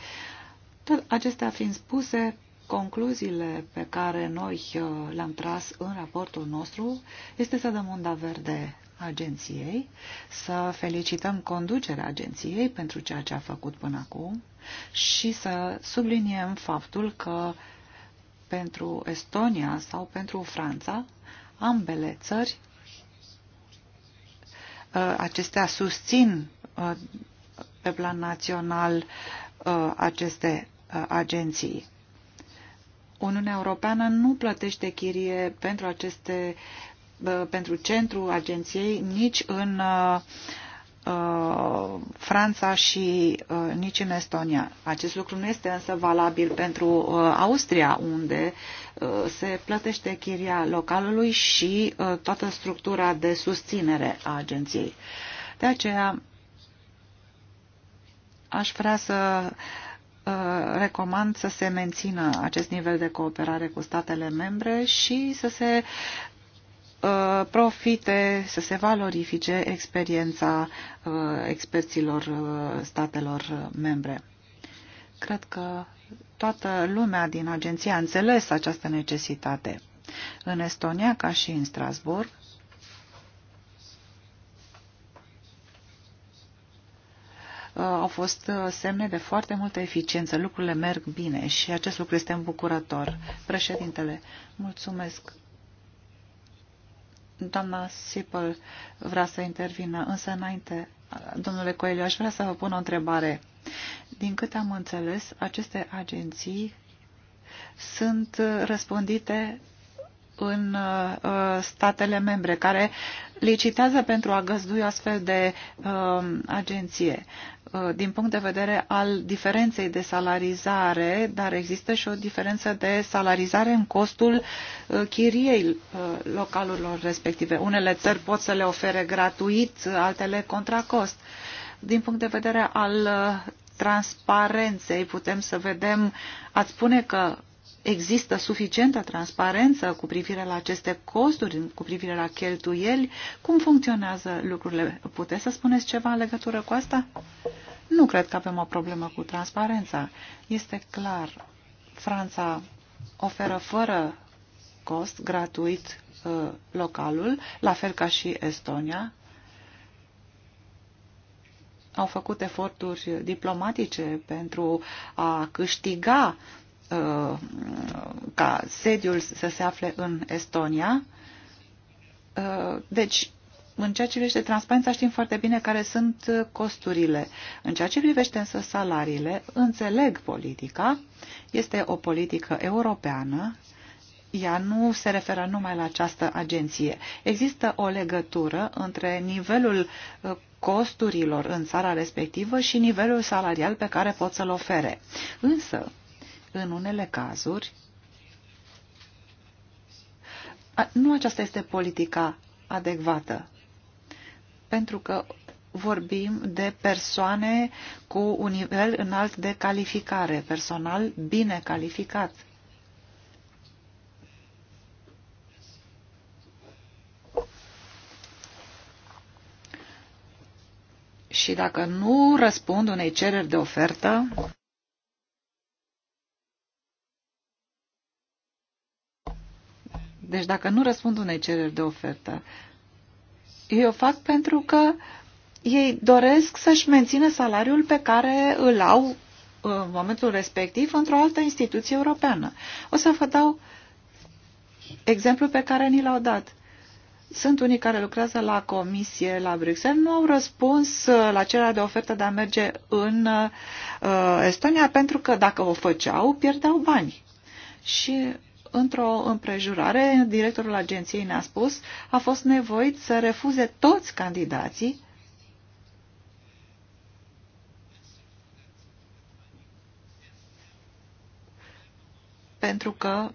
[SPEAKER 4] Tot acestea fiind spuse, concluziile pe care noi uh, le-am tras în raportul nostru este să dăm unda verde agenției, să felicităm conducerea agenției pentru ceea ce a făcut până acum și să subliniem faptul că pentru Estonia sau pentru Franța, ambele țări, ă, acestea susțin ă, pe plan național ă, aceste agenții. Uniunea Europeană nu plătește chirie pentru aceste Uh, pentru centru agenției nici în uh, uh, Franța și nici în Estonia. Acest lucru nu este însă valabil pentru Austria, unde se plătește chiria localului și toată structura de susținere a agenției. De aceea aș vrea să recomand să se mențină acest nivel de cooperare cu statele membre și să se Uh, profite, să se valorifice experiența uh, experților uh, statelor membre. Cred că toată lumea din agenție a înțeles această necesitate. În Estonia, ca și în Strasburg, au fost semne de foarte multă eficiență. Lucrurile merg bine și acest lucru este îmbucurător. Președintele, mulțumesc. Doamna Sipel vrea să intervină, însă înainte, domnule Coelho, aș vrea să vă pun o întrebare. Din câte am înțeles, aceste agenții sunt răspândite în uh, statele membre, care licitează pentru a găzdui astfel de uh, agenție. Uh, din punct de vedere al diferenței de salarizare, dar există și o diferență de salarizare în costul uh, chiriei uh, localurilor respective. Unele țări pot să le ofere gratuit, altele contra cost. Din punct de vedere al uh, transparenței putem să vedem, ați spune că există suficientă transparență cu privire la aceste costuri, cu privire la cheltuieli? Cum funcționează lucrurile? Puteți să spuneți ceva în legătură cu asta? Nu cred că avem o problemă cu transparența. Este clar, Franța oferă fără cost, gratuit, uh, localul, la fel ca și Estonia. Au făcut eforturi diplomatice pentru a câștiga uh, Uh, ca sediul să se afle în Estonia. Uh, deci, în ceea ce privește transparența, știm foarte bine care sunt costurile. În ceea ce privește însă salariile, înțeleg politica, este o politică europeană, ea nu se referă numai la această agenție. Există o legătură între nivelul uh, costurilor în țara respectivă și nivelul salarial pe care pot să-l ofere. Însă, în unele cazuri, nu aceasta este politica adecvată, pentru că vorbim de persoane cu un nivel înalt de calificare, personal bine calificat. Și dacă nu răspund unei cereri de ofertă, Deci dacă nu răspund unei cereri de ofertă, eu o fac pentru că ei doresc să-și mențină salariul pe care îl au uh, în momentul respectiv într-o altă instituție europeană. O să vă dau exemplu pe care ni l-au dat. Sunt unii care lucrează la comisie la Bruxelles, nu au răspuns uh, la cererea de ofertă de a merge în uh, Estonia pentru că dacă o făceau, pierdeau bani. Și într-o împrejurare, directorul agenției ne-a spus, a fost nevoit să refuze toți candidații pentru că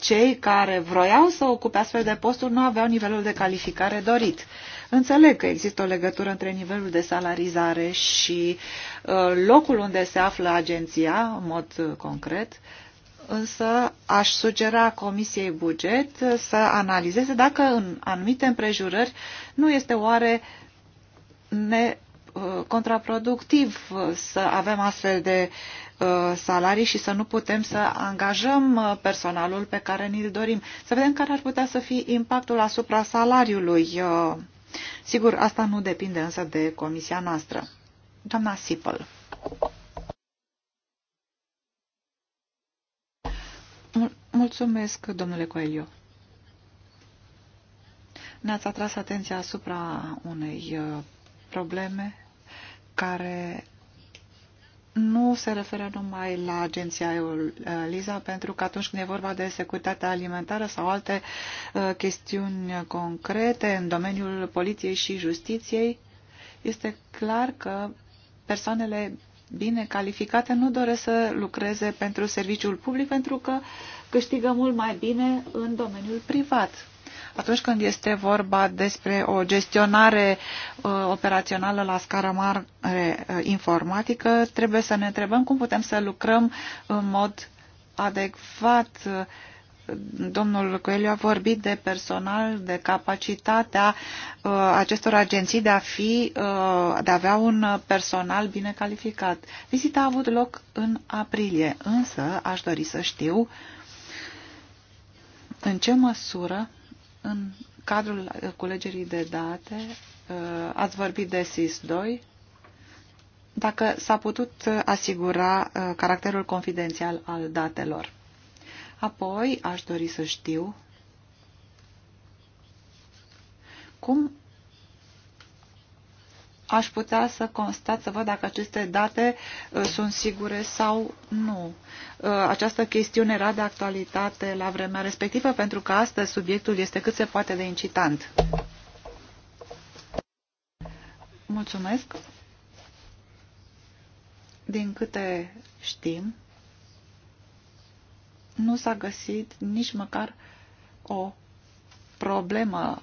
[SPEAKER 4] cei care vroiau să ocupe astfel de posturi nu aveau nivelul de calificare dorit. Înțeleg că există o legătură între nivelul de salarizare și uh, locul unde se află agenția, în mod uh, concret, însă aș sugera Comisiei Buget să analizeze dacă în anumite împrejurări nu este oare ne uh, contraproductiv uh, să avem astfel de uh, salarii și să nu putem să angajăm personalul pe care ni-l dorim. Să vedem care ar putea să fie impactul asupra salariului. Sigur, asta nu depinde însă de comisia noastră. Doamna Sipăl. Mulțumesc, domnule Coelio. Ne-ați atras atenția asupra unei uh, probleme care nu se referă numai la agenția LISA, pentru că atunci când e vorba de securitatea alimentară sau alte uh, chestiuni concrete în domeniul poliției și justiției, este clar că persoanele bine calificate nu doresc să lucreze pentru serviciul public pentru că câștigă mult mai bine în domeniul privat. Atunci când este vorba despre o gestionare uh, operațională la scară mare uh, informatică, trebuie să ne întrebăm cum putem să lucrăm în mod adecvat uh, domnul Coelho a vorbit de personal, de capacitatea uh, acestor agenții de a, fi, uh, de a avea un personal bine calificat. Vizita a avut loc în aprilie, însă aș dori să știu în ce măsură, în cadrul culegerii de date, uh, ați vorbit de SIS-2, dacă s-a putut asigura caracterul confidențial al datelor. Apoi aș dori să știu cum aș putea să constat, să văd dacă aceste date uh, sunt sigure sau nu. Uh, această chestiune era de actualitate la vremea respectivă, pentru că astăzi subiectul este cât se poate de incitant. Mulțumesc. Din câte știm, nu s-a găsit nici măcar o problemă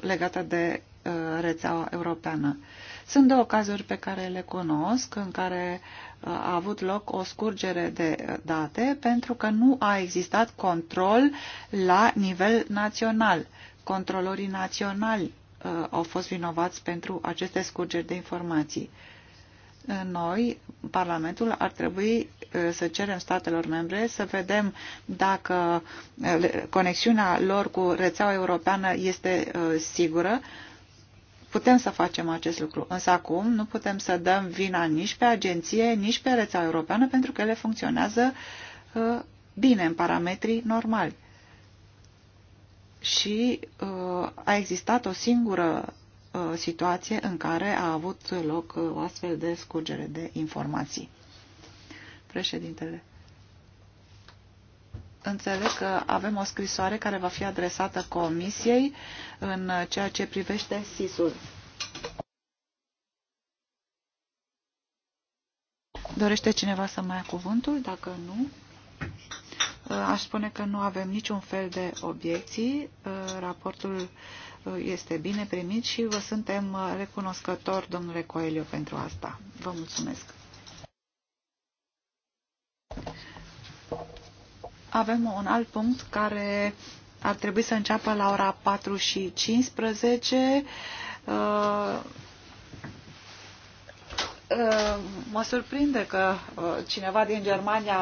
[SPEAKER 4] legată de uh, rețeaua europeană. Sunt două cazuri pe care le cunosc, în care uh, a avut loc o scurgere de date pentru că nu a existat control la nivel național. Controlorii naționali uh, au fost vinovați pentru aceste scurgeri de informații noi, Parlamentul, ar trebui uh, să cerem statelor membre să vedem dacă uh, conexiunea lor cu rețeaua europeană este uh, sigură. Putem să facem acest lucru, însă acum nu putem să dăm vina nici pe agenție, nici pe rețeaua europeană, pentru că ele funcționează bine în parametrii normali. Și a existat o singură Uh, situație în care a avut loc uh, o astfel de scurgere de informații. Președintele, înțeleg că avem o scrisoare care va fi adresată Comisiei în ceea ce privește SIS-ul. Dorește cineva să mai ia cuvântul? Dacă nu, uh, aș spune că nu avem niciun fel de obiecții. Raportul este bine primit și vă suntem uh, recunoscători, domnule Coelio, pentru asta. Vă mulțumesc. Avem un alt punct care ar trebui să înceapă la ora 4 și 15. Uh, uh, mă surprinde că uh, cineva din Germania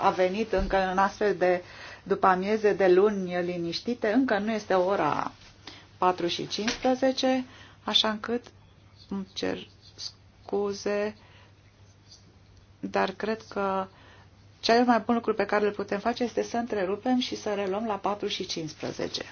[SPEAKER 4] a venit încă în astfel de după amieze de luni liniștite. Încă nu este ora 4 și 15, așa încât îmi cer scuze, dar cred că cel mai bun lucru pe care îl putem face este să întrerupem și să reluăm la 4 și 15.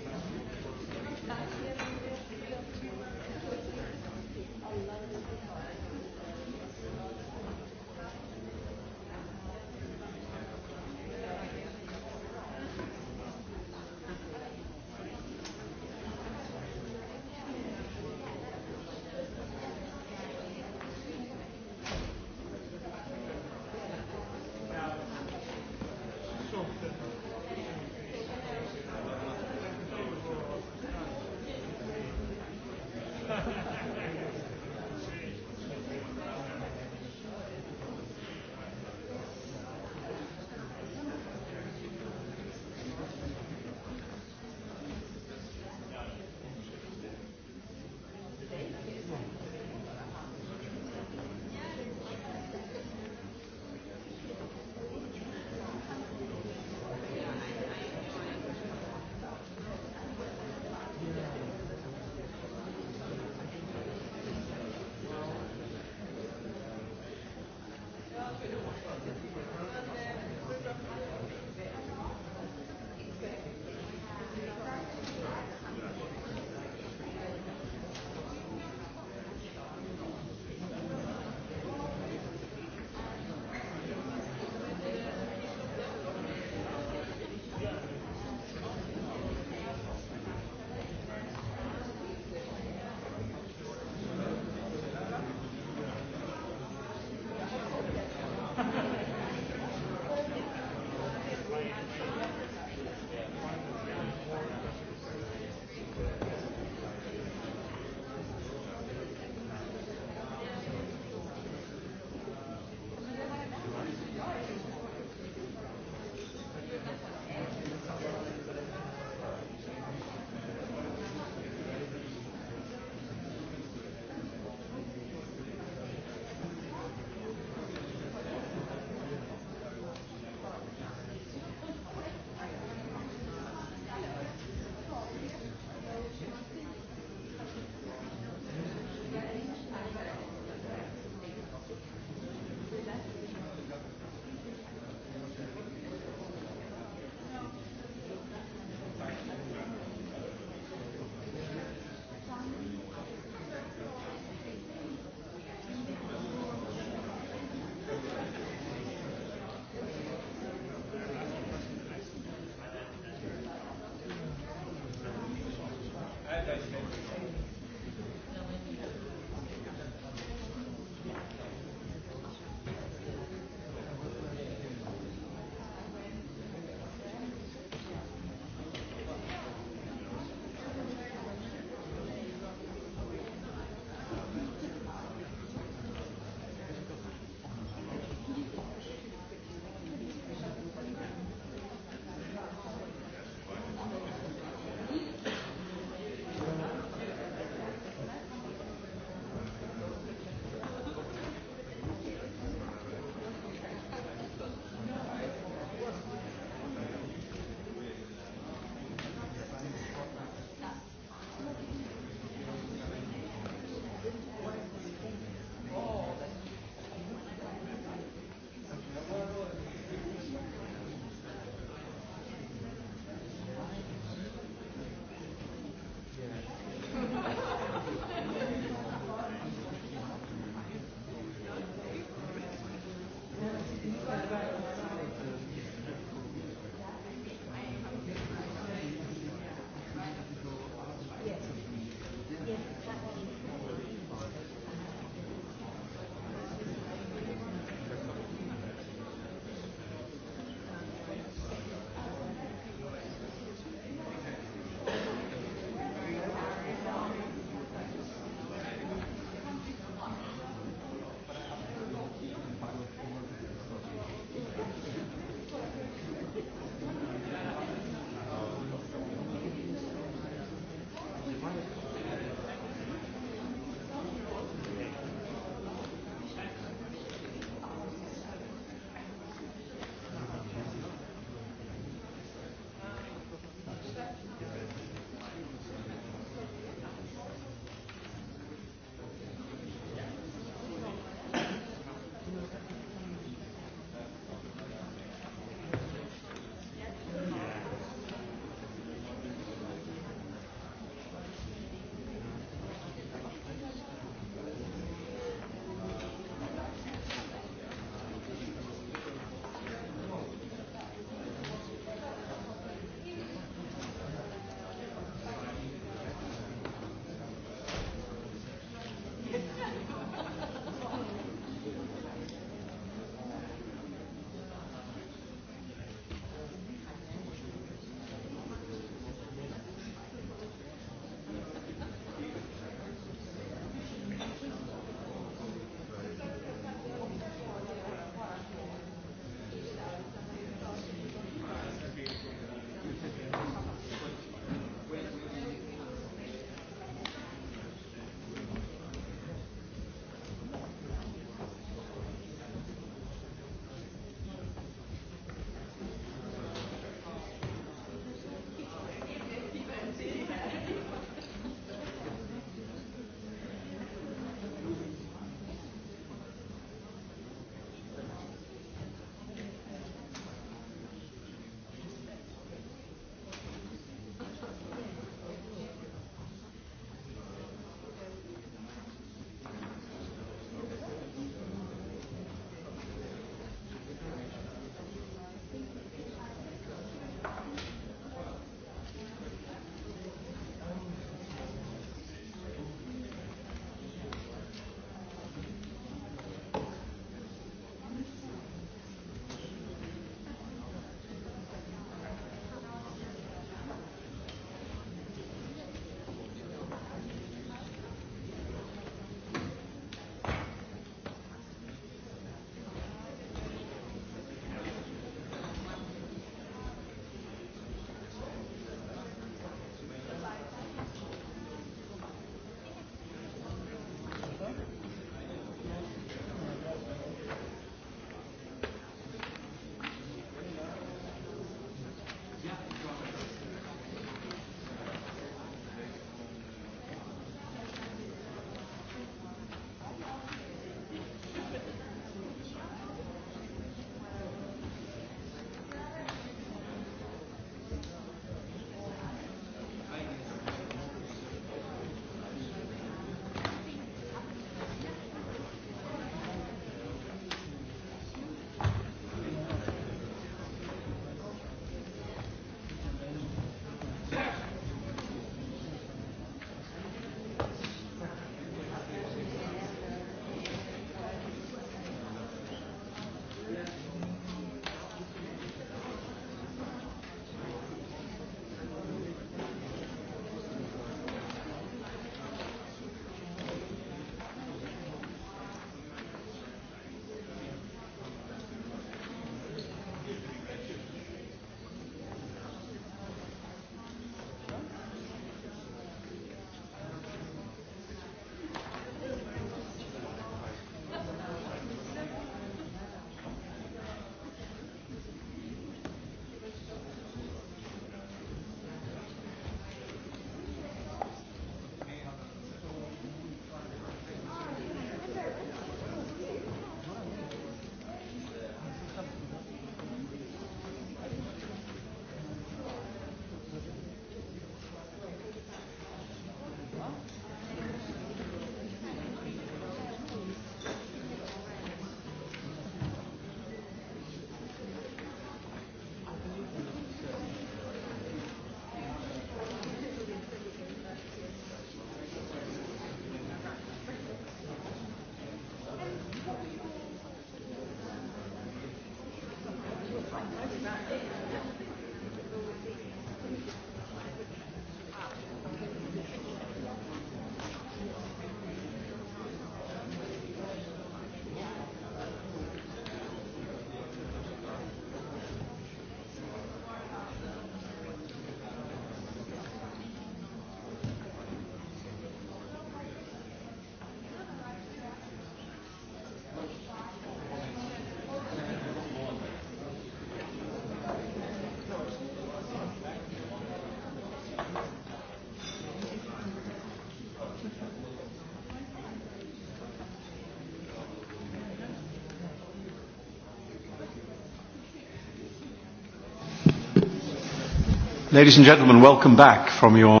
[SPEAKER 1] Ladies and gentlemen, welcome back from your...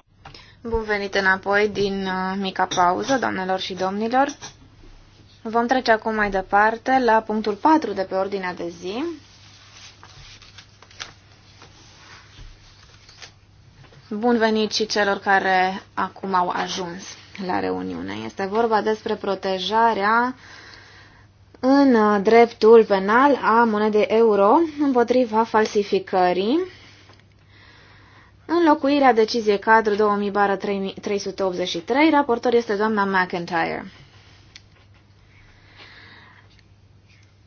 [SPEAKER 2] Bun venit înapoi din uh, mica pauză, doamnelor și domnilor. Vom trece acum mai departe la punctul 4 de pe ordinea de zi. Bun venit și celor care acum au ajuns la reuniune. Este vorba despre protejarea în uh, dreptul penal a monedei euro împotriva falsificării Înlocuirea deciziei cadru 2383, raportor este doamna McIntyre.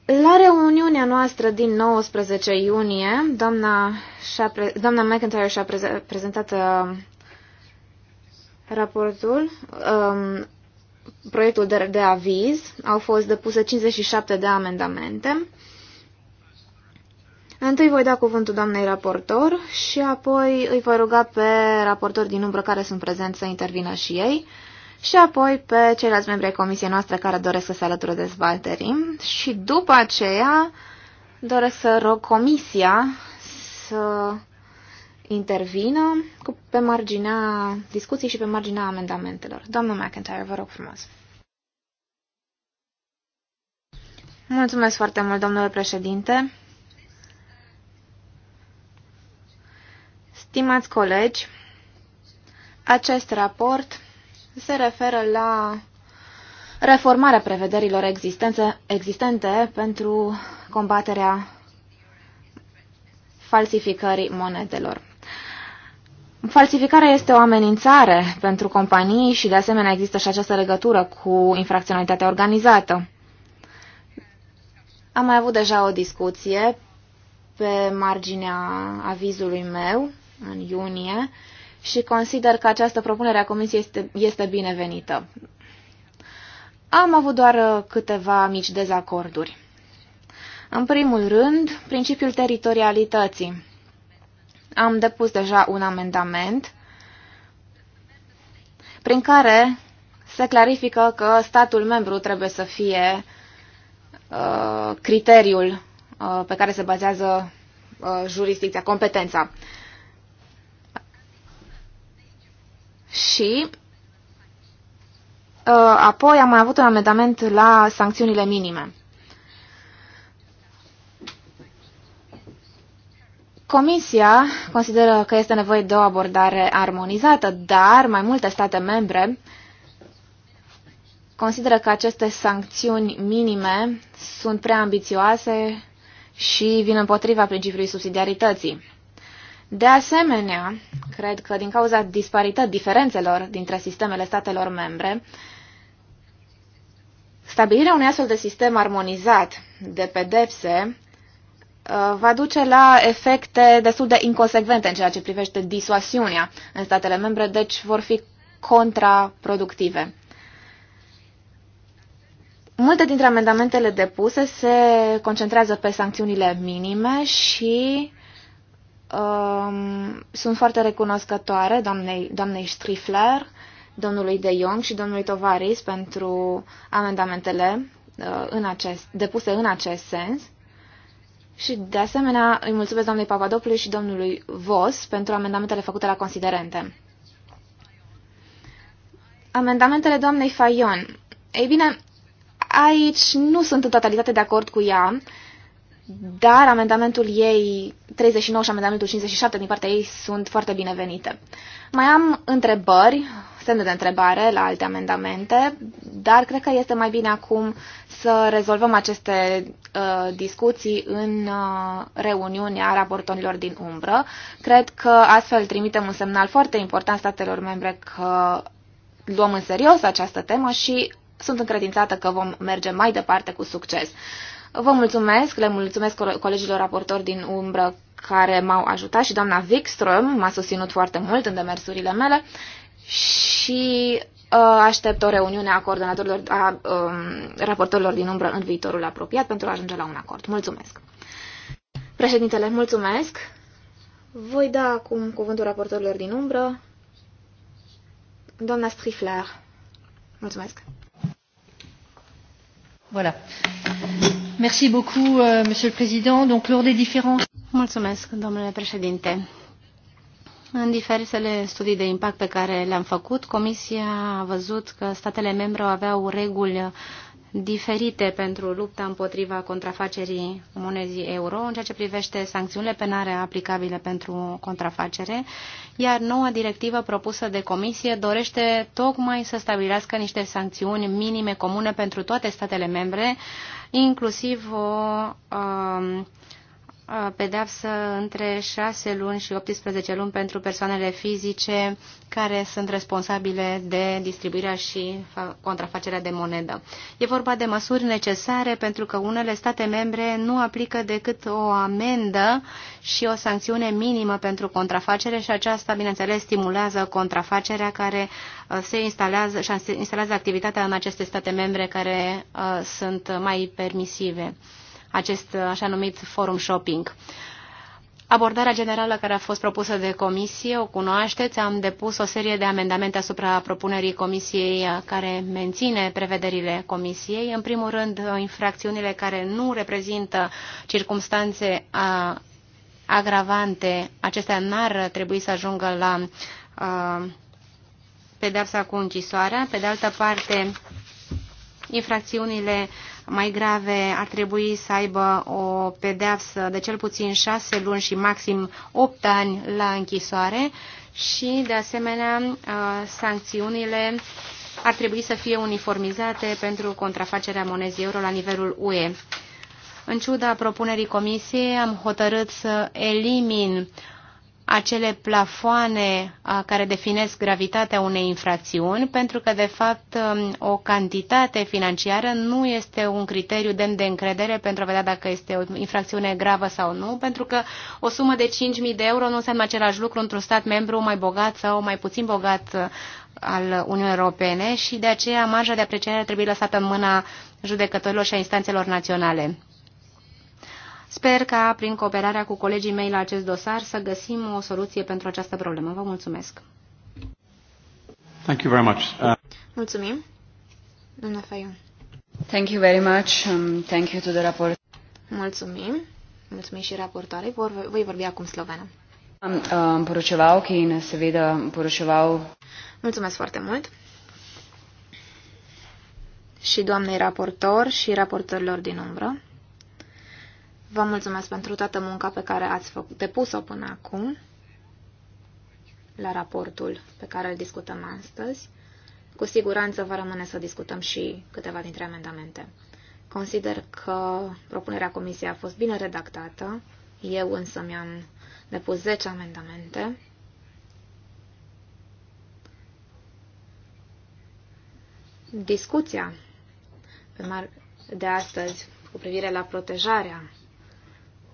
[SPEAKER 2] La reuniunea noastră din 19 iunie, doamna, pre, doamna McIntyre și-a prezentat uh, raportul, um, proiectul de, de aviz, au fost depuse 57 de amendamente. Întâi voi da cuvântul doamnei raportor și apoi îi voi ruga pe raportori din umbră care sunt prezenți să intervină și ei și apoi pe ceilalți membri ai comisiei noastre care doresc să se alăture dezbaterii și după aceea doresc să rog comisia să intervină cu, pe marginea discuției și pe marginea amendamentelor. Doamna McIntyre, vă rog frumos. Mulțumesc foarte mult, domnule președinte. Stimați colegi, acest raport se referă la reformarea prevederilor existente pentru combaterea falsificării monedelor. Falsificarea este o amenințare pentru companii și de asemenea există și această legătură cu infracționalitatea organizată. Am mai avut deja o discuție pe marginea avizului meu în iunie și consider că această propunere a Comisiei este, este binevenită. Am avut doar uh, câteva mici dezacorduri. În primul rând, principiul teritorialității. Am depus deja un amendament prin care se clarifică că statul membru trebuie să fie uh, criteriul uh, pe care se bazează uh, jurisdicția, competența. Uh, Și uh, apoi am mai avut un amendament la sancțiunile minime. Comisia consideră că este nevoie de o abordare armonizată, dar mai multe state membre consideră că aceste sancțiuni minime sunt prea ambițioase și vin împotriva principiului subsidiarității. De asemenea, cred că din cauza disparității diferențelor dintre sistemele statelor membre, stabilirea unui astfel de sistem armonizat de pedepse uh, va duce la efecte destul de inconsecvente în ceea ce privește disuasiunea în statele membre, deci vor fi contraproductive. Multe dintre amendamentele depuse se concentrează pe sancțiunile minime și Um, sunt foarte recunoscătoare doamnei, doamnei Strifler, domnului De Jong și domnului Tovaris pentru amendamentele uh, în acest, depuse în acest sens. Și, de asemenea, îi mulțumesc doamnei Papadopului și domnului Vos pentru amendamentele făcute la considerente. Amendamentele doamnei Fayon. Ei bine, aici nu sunt în totalitate de acord cu ea. Uh, dar amendamentul ei 39 și amendamentul 57 din partea ei sunt foarte binevenite. Mai am întrebări, semne de întrebare la alte amendamente, dar cred că este mai bine acum să rezolvăm aceste uh, discuții în uh, reuniunea raportorilor din umbră. Cred că astfel trimitem un semnal foarte important statelor membre că luăm în serios această temă și sunt încredințată că vom merge mai departe cu succes. Vă mulțumesc, le mulțumesc colegilor raportori din umbră care m-au ajutat și doamna Wikström m-a susținut foarte mult în demersurile mele și uh, aștept o reuniune a coordonatorilor, a um, raportorilor din umbră în viitorul apropiat pentru a ajunge la un acord. Mulțumesc! Președintele, mulțumesc! Voi da acum cuvântul raportorilor din umbră. Doamna Strifler, mulțumesc!
[SPEAKER 1] Voilà. Euh,
[SPEAKER 3] Mulțumesc, domnule președinte. În diferitele studii de impact pe care le-am făcut, Comisia a văzut că statele membre aveau reguli diferite pentru lupta împotriva contrafacerii monezii euro în ceea ce privește sancțiunile penale aplicabile pentru contrafacere, iar noua directivă propusă de comisie dorește tocmai să stabilească niște sancțiuni minime comune pentru toate statele membre inclusiv o um, pedeapsă între 6 luni și 18 luni pentru persoanele fizice care sunt responsabile de distribuirea și contrafacerea de monedă. E vorba de măsuri necesare pentru că unele state membre nu aplică decât o amendă și o sancțiune minimă pentru contrafacere și aceasta, bineînțeles, stimulează contrafacerea care uh, se instalează și instalează activitatea în aceste state membre care uh, sunt mai permisive acest așa numit forum shopping. Abordarea generală care a fost propusă de comisie, o cunoașteți, am depus o serie de amendamente asupra propunerii comisiei care menține prevederile comisiei. În primul rând, infracțiunile care nu reprezintă circumstanțe agravante, acestea n-ar trebui să ajungă la pedeapsa cu închisoarea. Pe de altă parte, infracțiunile mai grave ar trebui să aibă o pedeapsă de cel puțin șase luni și maxim opt ani la închisoare și, de asemenea, uh, sancțiunile ar trebui să fie uniformizate pentru contrafacerea monezii euro la nivelul UE. În ciuda propunerii comisiei, am hotărât să elimin acele plafoane care definesc gravitatea unei infracțiuni, pentru că, de fapt, um, o cantitate financiară nu este un criteriu demn de încredere pentru a vedea dacă este o infracțiune gravă sau nu, pentru că o sumă de 5.000 de euro nu înseamnă același lucru într-un stat membru mai bogat sau mai puțin bogat uh, al Uniunii Europene și de aceea marja de apreciere trebuie lăsată în mâna judecătorilor și a instanțelor naționale. Sper ca, prin cooperarea cu colegii mei la acest dosar, să găsim o soluție pentru această problemă. Vă mulțumesc!
[SPEAKER 1] Thank you very much. Uh... Mulțumim, doamna Faiu.
[SPEAKER 4] Thank you very much. Um, thank you to the rapport.
[SPEAKER 1] Mulțumim. Mulțumim
[SPEAKER 2] și raportoarei. Vor, voi vorbi acum slovenă.
[SPEAKER 4] Um, poročeval, ki in seveda
[SPEAKER 2] Mulțumesc foarte mult. Și doamnei raportor și raportorilor din umbră. Vă mulțumesc pentru toată munca pe care ați depus-o până acum la raportul pe care îl discutăm astăzi. Cu siguranță va rămâne să discutăm și câteva dintre amendamente. Consider că propunerea comisiei a fost bine redactată. Eu însă mi-am depus 10 amendamente. Discuția de astăzi cu privire la protejarea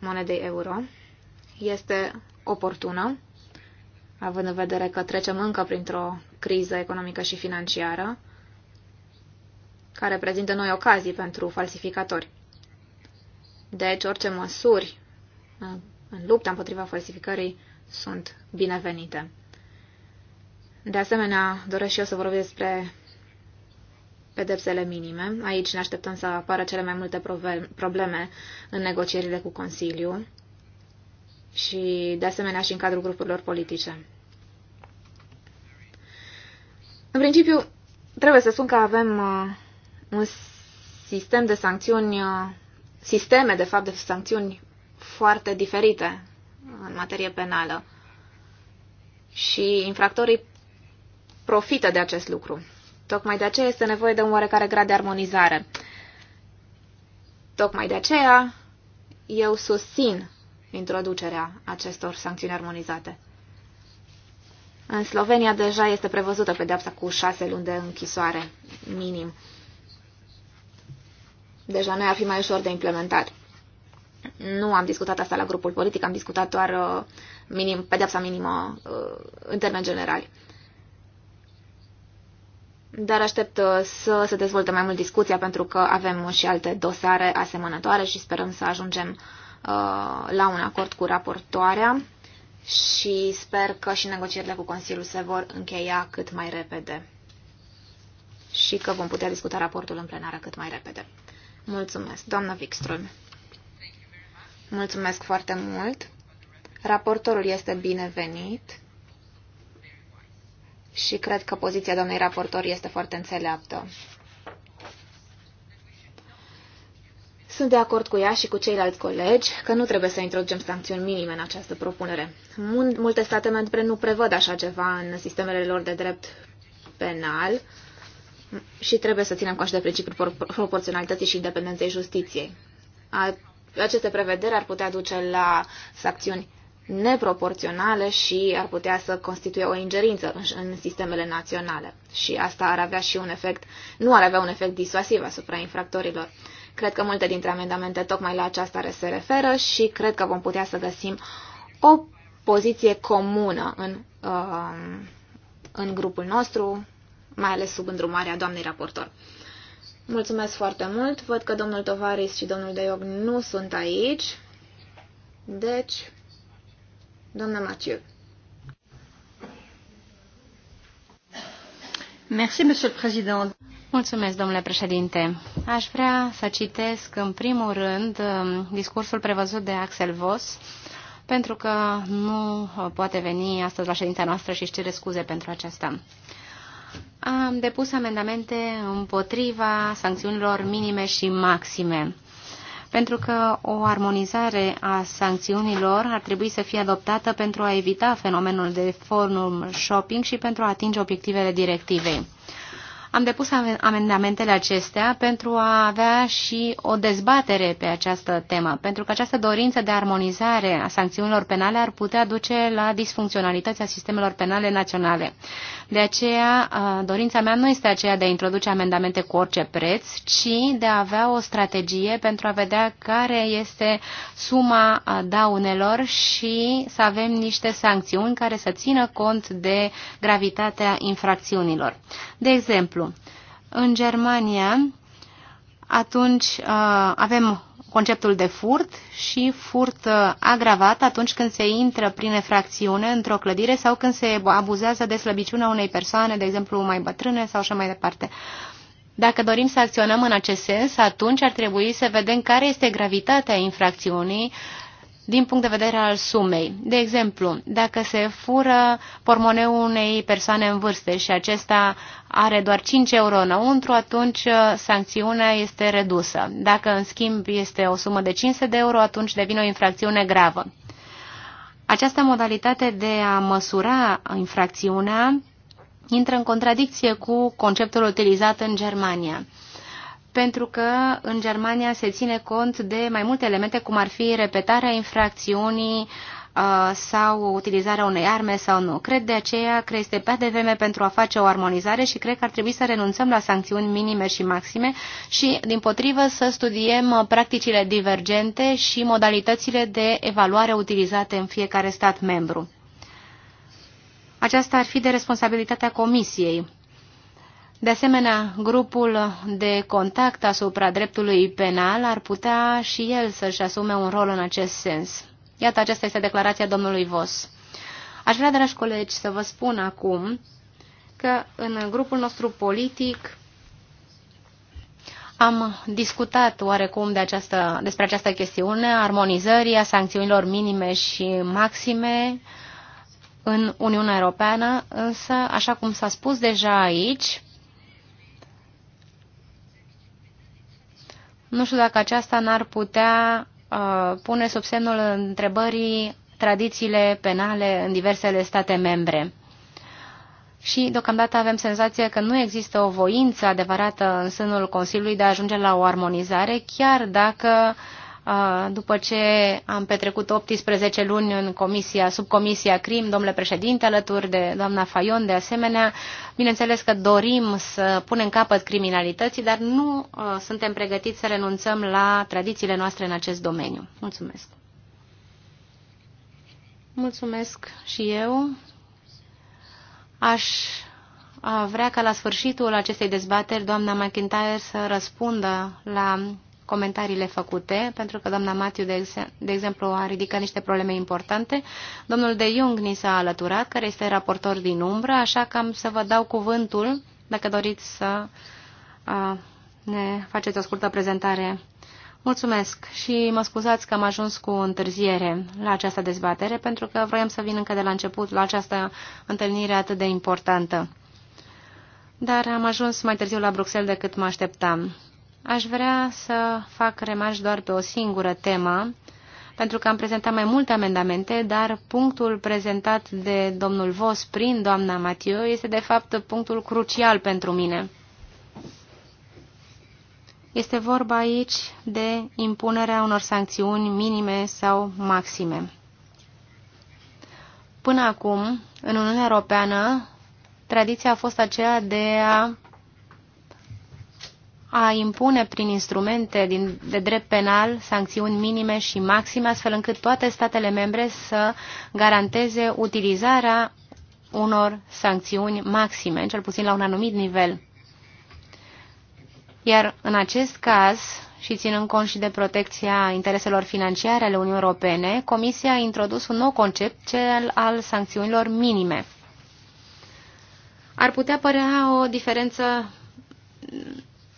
[SPEAKER 2] monedei euro este oportună, având în vedere că trecem încă printr-o criză economică și financiară, care prezintă noi ocazii pentru falsificatori. Deci, orice măsuri în lupta împotriva falsificării sunt binevenite. De asemenea, doresc și eu să vorbesc despre pedepsele minime. Aici ne așteptăm să apară cele mai multe probleme în negocierile cu Consiliul și, de asemenea, și în cadrul grupurilor politice. În principiu, trebuie să spun că avem uh, un sistem de sancțiuni, uh, sisteme, de fapt, de sancțiuni foarte diferite în materie penală. Și infractorii profită de acest lucru. Tocmai de aceea este nevoie de un oarecare grad de armonizare. Tocmai de aceea eu susțin introducerea acestor sancțiuni armonizate. În Slovenia deja este prevăzută pedeapsa cu șase luni de închisoare minim. Deci la noi ar fi mai ușor de implementat. Nu am discutat asta la grupul politic, am discutat doar uh, minim, pedeapsa minimă uh, în termeni generali dar aștept uh, să se dezvolte mai mult discuția pentru că avem și alte dosare asemănătoare și sperăm să ajungem uh, la un acord cu raportoarea și sper că și negocierile cu Consiliul se vor încheia cât mai repede și că vom putea discuta raportul în plenară cât mai repede. Mulțumesc, doamna Wikström. Mulțumesc foarte mult. Raportorul este binevenit și cred că poziția doamnei raportor este foarte înțeleaptă. Sunt de acord cu ea și cu ceilalți colegi că nu trebuie să introducem sancțiuni minime în această propunere. Multe state membre nu prevăd așa ceva în sistemele lor de drept penal și trebuie să ținem cont de principiul proporționalității și independenței justiției. Aceste prevederi ar putea duce la sancțiuni neproporționale și ar putea să constituie o ingerință în, în sistemele naționale. Și asta ar avea și un efect, nu ar avea un efect disuasiv asupra infractorilor. Cred că multe dintre amendamente tocmai la aceasta se referă și cred că vom putea să găsim o poziție comună în, uh, în grupul nostru, mai ales sub îndrumarea doamnei raportor. Mulțumesc foarte mult. Văd că domnul Tovaris și domnul Deiog nu sunt aici. Deci, Doamna Mathieu.
[SPEAKER 3] Merci, Monsieur le Président. Mulțumesc, domnule președinte. Aș vrea să citesc, în primul rând, um, discursul prevăzut de Axel Voss, pentru că nu uh, poate veni astăzi la ședința noastră și își cere scuze pentru aceasta. Am depus amendamente împotriva sancțiunilor minime și maxime pentru că o armonizare a sancțiunilor ar trebui să fie adoptată pentru a evita fenomenul de forum shopping și pentru a atinge obiectivele directivei. Am depus amendamentele acestea pentru a avea și o dezbatere pe această temă, pentru că această dorință de armonizare a sancțiunilor penale ar putea duce la disfuncționalitatea sistemelor penale naționale. De aceea, dorința mea nu este aceea de a introduce amendamente cu orice preț, ci de a avea o strategie pentru a vedea care este suma daunelor și să avem niște sancțiuni care să țină cont de gravitatea infracțiunilor. De exemplu, în Germania, atunci uh, avem conceptul de furt și furt uh, agravat atunci când se intră prin efracțiune într-o clădire sau când se abuzează de slăbiciunea unei persoane, de exemplu mai bătrâne sau așa mai departe. Dacă dorim să acționăm în acest sens, atunci ar trebui să vedem care este gravitatea infracțiunii, din punct de vedere al sumei. De exemplu, dacă se fură pormoneul unei persoane în vârstă și acesta are doar 5 euro înăuntru, atunci uh, sancțiunea este redusă. Dacă, în schimb, este o sumă de 500 de euro, atunci devine o infracțiune gravă. Această modalitate de a măsura infracțiunea intră în contradicție cu conceptul utilizat în Germania pentru că în Germania se ține cont de mai multe elemente, cum ar fi repetarea infracțiunii uh, sau utilizarea unei arme sau nu. Cred de aceea că este prea devreme pentru a face o armonizare și cred că ar trebui să renunțăm la sancțiuni minime și maxime și, din potrivă, să studiem uh, practicile divergente și modalitățile de evaluare utilizate în fiecare stat membru. Aceasta ar fi de responsabilitatea Comisiei de asemenea, grupul de contact asupra dreptului penal ar putea și el să-și asume un rol în acest sens. Iată, aceasta este declarația domnului Vos. Aș vrea, dragi colegi, să vă spun acum că în grupul nostru politic am discutat oarecum de această, despre această chestiune, armonizării a sancțiunilor minime și maxime în Uniunea Europeană, însă, așa cum s-a spus deja aici, Nu știu dacă aceasta n-ar putea uh, pune sub semnul întrebării tradițiile penale în diversele state membre. Și deocamdată avem senzația că nu există o voință adevărată în sânul Consiliului de a ajunge la o armonizare, chiar dacă uh, după ce am petrecut 18 luni în comisia, subcomisia CRIM, domnule președinte, alături de doamna Fayon, de asemenea, bineînțeles că dorim să punem capăt criminalității, dar nu suntem pregătiți să renunțăm la tradițiile noastre în acest domeniu. Mulțumesc! Mulțumesc și eu. Aș vrea ca la sfârșitul acestei dezbateri doamna McIntyre să răspundă la comentariile făcute, pentru că doamna Matiu, de, de exemplu, a ridicat niște probleme importante. Domnul de Jung ni s-a alăturat, care este raportor din umbră, așa că am să vă dau cuvântul, dacă doriți să a, ne faceți o scurtă prezentare. Mulțumesc și mă scuzați că am ajuns cu întârziere la această dezbatere, pentru că vroiam să vin încă de la început la această întâlnire atât de importantă. Dar am ajuns mai târziu la Bruxelles decât mă așteptam. Aș vrea să fac remarci doar pe o singură temă, pentru că am prezentat mai multe amendamente, dar punctul prezentat de domnul Vos prin doamna Mathieu este de fapt punctul crucial pentru mine. Este vorba aici de impunerea unor sancțiuni minime sau maxime. Până acum, în Uniunea Europeană, tradiția a fost aceea de a a impune prin instrumente din, de drept penal sancțiuni minime și maxime, astfel încât toate statele membre să garanteze utilizarea unor sancțiuni maxime, cel puțin la un anumit nivel. Iar în acest caz, și ținând cont și de protecția intereselor financiare ale Uniunii Europene, Comisia a introdus un nou concept, cel al sancțiunilor minime. Ar putea părea o diferență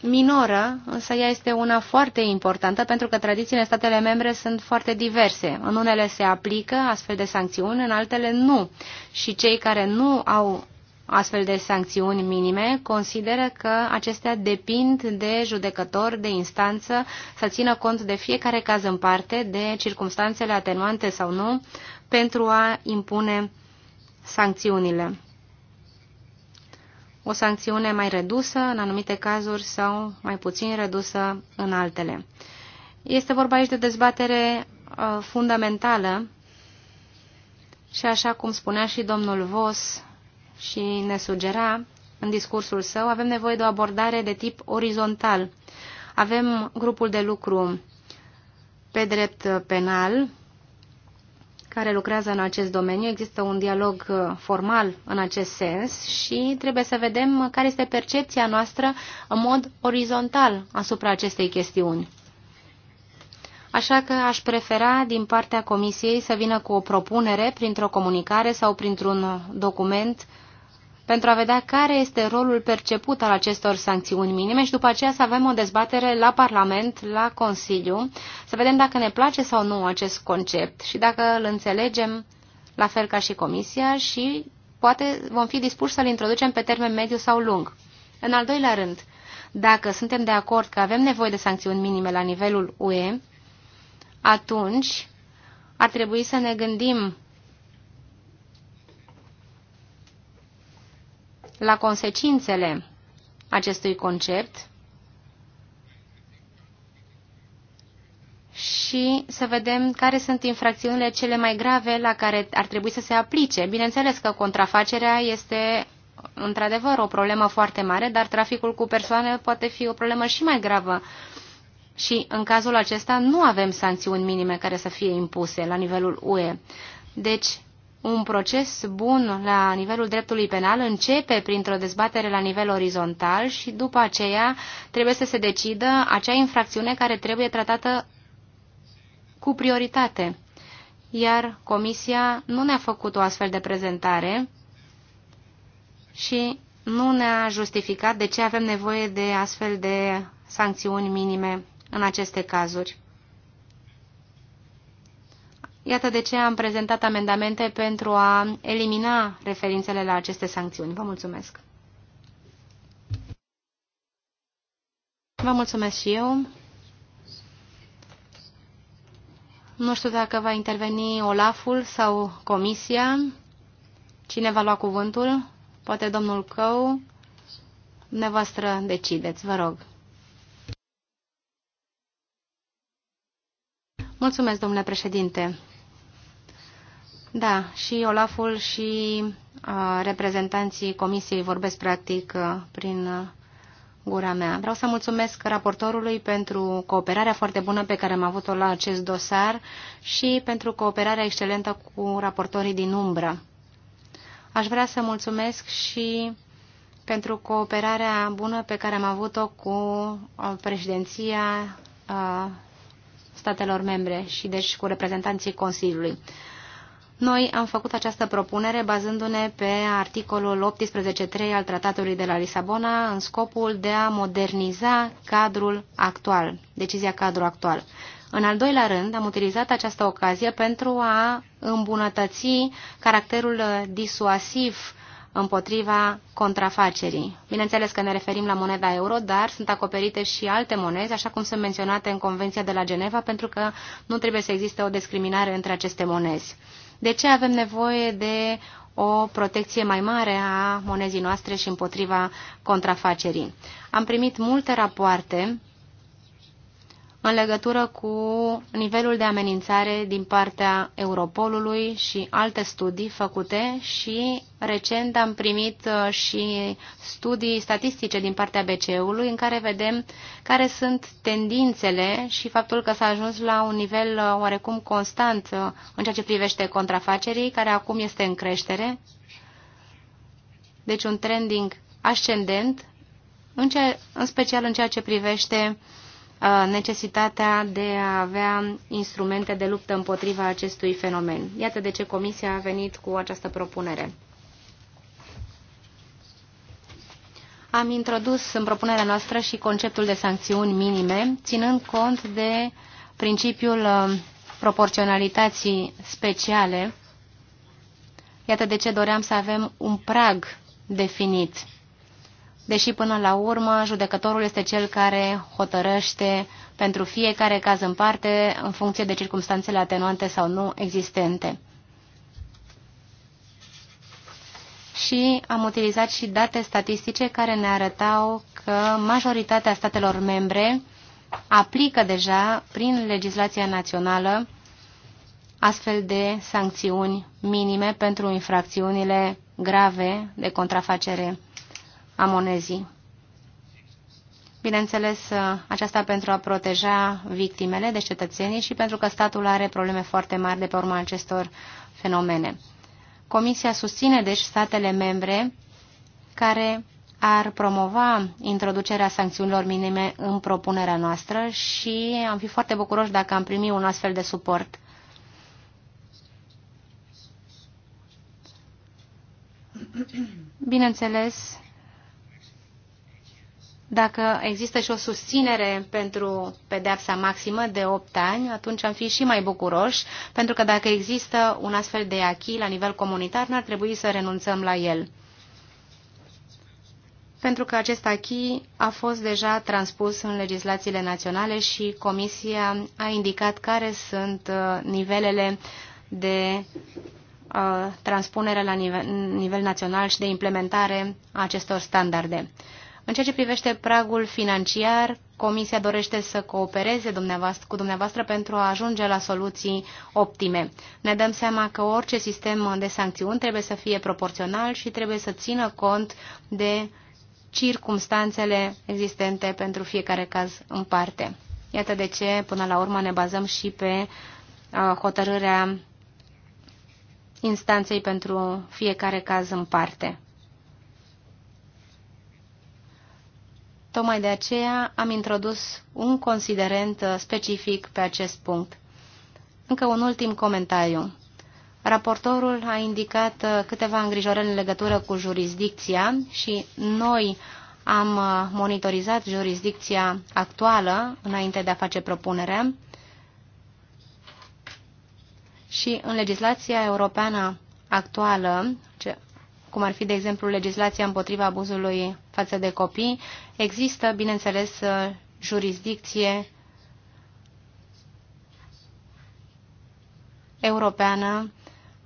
[SPEAKER 3] minoră, însă ea este una foarte importantă pentru că tradițiile în statele membre sunt foarte diverse. În unele se aplică astfel de sancțiuni, în altele nu. Și cei care nu au astfel de sancțiuni minime consideră că acestea depind de judecător, de instanță, să țină cont de fiecare caz în parte, de circumstanțele atenuante sau nu, pentru a impune sancțiunile o sancțiune mai redusă în anumite cazuri sau mai puțin redusă în altele. Este vorba aici de dezbatere uh, fundamentală și așa cum spunea și domnul Vos și ne sugera în discursul său, avem nevoie de o abordare de tip orizontal. Avem grupul de lucru pe drept penal, care lucrează în acest domeniu. Există un dialog uh, formal în acest sens și trebuie să vedem uh, care este percepția noastră în mod orizontal asupra acestei chestiuni. Așa că aș prefera din partea Comisiei să vină cu o propunere printr-o comunicare sau printr-un document pentru a vedea care este rolul perceput al acestor sancțiuni minime și după aceea să avem o dezbatere la Parlament, la Consiliu, să vedem dacă ne place sau nu acest concept și dacă îl înțelegem la fel ca și Comisia și poate vom fi dispuși să-l introducem pe termen mediu sau lung. În al doilea rând, dacă suntem de acord că avem nevoie de sancțiuni minime la nivelul UE, atunci ar trebui să ne gândim la consecințele acestui concept și să vedem care sunt infracțiunile cele mai grave la care ar trebui să se aplice. Bineînțeles că contrafacerea este într-adevăr o problemă foarte mare, dar traficul cu persoane poate fi o problemă și mai gravă. Și în cazul acesta nu avem sancțiuni minime care să fie impuse la nivelul UE. Deci un proces bun la nivelul dreptului penal începe printr-o dezbatere la nivel orizontal și după aceea trebuie să se decidă acea infracțiune care trebuie tratată cu prioritate. Iar Comisia nu ne-a făcut o astfel de prezentare și nu ne-a justificat de ce avem nevoie de astfel de sancțiuni minime în aceste cazuri. Iată de ce am prezentat amendamente pentru a elimina referințele la aceste sancțiuni. Vă mulțumesc! Vă mulțumesc și eu. Nu știu dacă va interveni Olaful sau Comisia. Cine va lua cuvântul? Poate domnul Cău. Dumneavoastră decideți, vă rog. Mulțumesc, domnule președinte. Da, și Olaful și uh, reprezentanții comisiei vorbesc practic uh, prin uh, gura mea. Vreau să mulțumesc raportorului pentru cooperarea foarte bună pe care am avut-o la acest dosar și pentru cooperarea excelentă cu raportorii din umbră. Aș vrea să mulțumesc și pentru cooperarea bună pe care am avut-o cu uh, președinția uh, statelor membre și deci cu reprezentanții Consiliului. Noi am făcut această propunere bazându-ne pe articolul 18.3 al Tratatului de la Lisabona în scopul de a moderniza cadrul actual, decizia cadru actual. În al doilea rând, am utilizat această ocazie pentru a îmbunătăți caracterul disuasiv împotriva contrafacerii. Bineînțeles că ne referim la moneda euro, dar sunt acoperite și alte monede, așa cum sunt menționate în Convenția de la Geneva, pentru că nu trebuie să existe o discriminare între aceste monezi. De ce avem nevoie de o protecție mai mare a monezii noastre și împotriva contrafacerii? Am primit multe rapoarte în legătură cu nivelul de amenințare din partea Europolului și alte studii făcute și recent am primit uh, și studii statistice din partea BCE-ului în care vedem care sunt tendințele și faptul că s-a ajuns la un nivel uh, oarecum constant uh, în ceea ce privește contrafacerii, care acum este în creștere, deci un trending ascendent, în, special în ceea ce privește uh, necesitatea de a avea instrumente de luptă împotriva acestui fenomen. Iată de ce Comisia a venit cu această propunere. Am introdus în propunerea noastră și conceptul de sancțiuni minime, ținând cont de principiul proporționalității speciale. Iată de ce doream să avem un prag definit deși până la urmă judecătorul este cel care hotărăște pentru fiecare caz în parte, în funcție de circunstanțele atenuante sau nu existente. Și am utilizat și date statistice care ne arătau că majoritatea statelor membre aplică deja prin legislația națională astfel de sancțiuni minime pentru infracțiunile grave de contrafacere amonezii. Bineînțeles, aceasta pentru a proteja victimele de cetățenii și pentru că statul are probleme foarte mari de pe urma acestor fenomene. Comisia susține, deci, statele membre care ar promova introducerea sancțiunilor minime în propunerea noastră și am fi foarte bucuroși dacă am primi un astfel de suport. Bineînțeles, dacă există și o susținere pentru pedeapsa maximă de 8 ani, atunci am fi și mai bucuroși, pentru că dacă există un astfel de achi la nivel comunitar, n-ar trebui să renunțăm la el. Pentru că acest achi a fost deja transpus în legislațiile naționale și Comisia a indicat care sunt uh, nivelele de uh, transpunere la nivel, nivel național și de implementare a acestor standarde. În ceea ce privește pragul financiar, Comisia dorește să coopereze dumneavoastră, cu dumneavoastră pentru a ajunge la soluții optime. Ne dăm seama că orice sistem de sancțiuni trebuie să fie proporțional și trebuie să țină cont de circumstanțele existente pentru fiecare caz în parte. Iată de ce, până la urmă, ne bazăm și pe uh, hotărârea instanței pentru fiecare caz în parte. Tocmai de aceea am introdus un considerent uh, specific pe acest punct. Încă un ultim comentariu. Raportorul a indicat uh, câteva îngrijorări în legătură cu jurisdicția și noi am uh, monitorizat jurisdicția actuală înainte de a face propunerea și în legislația europeană actuală cum ar fi, de exemplu, legislația împotriva abuzului față de copii, există, bineînțeles, uh, jurisdicție europeană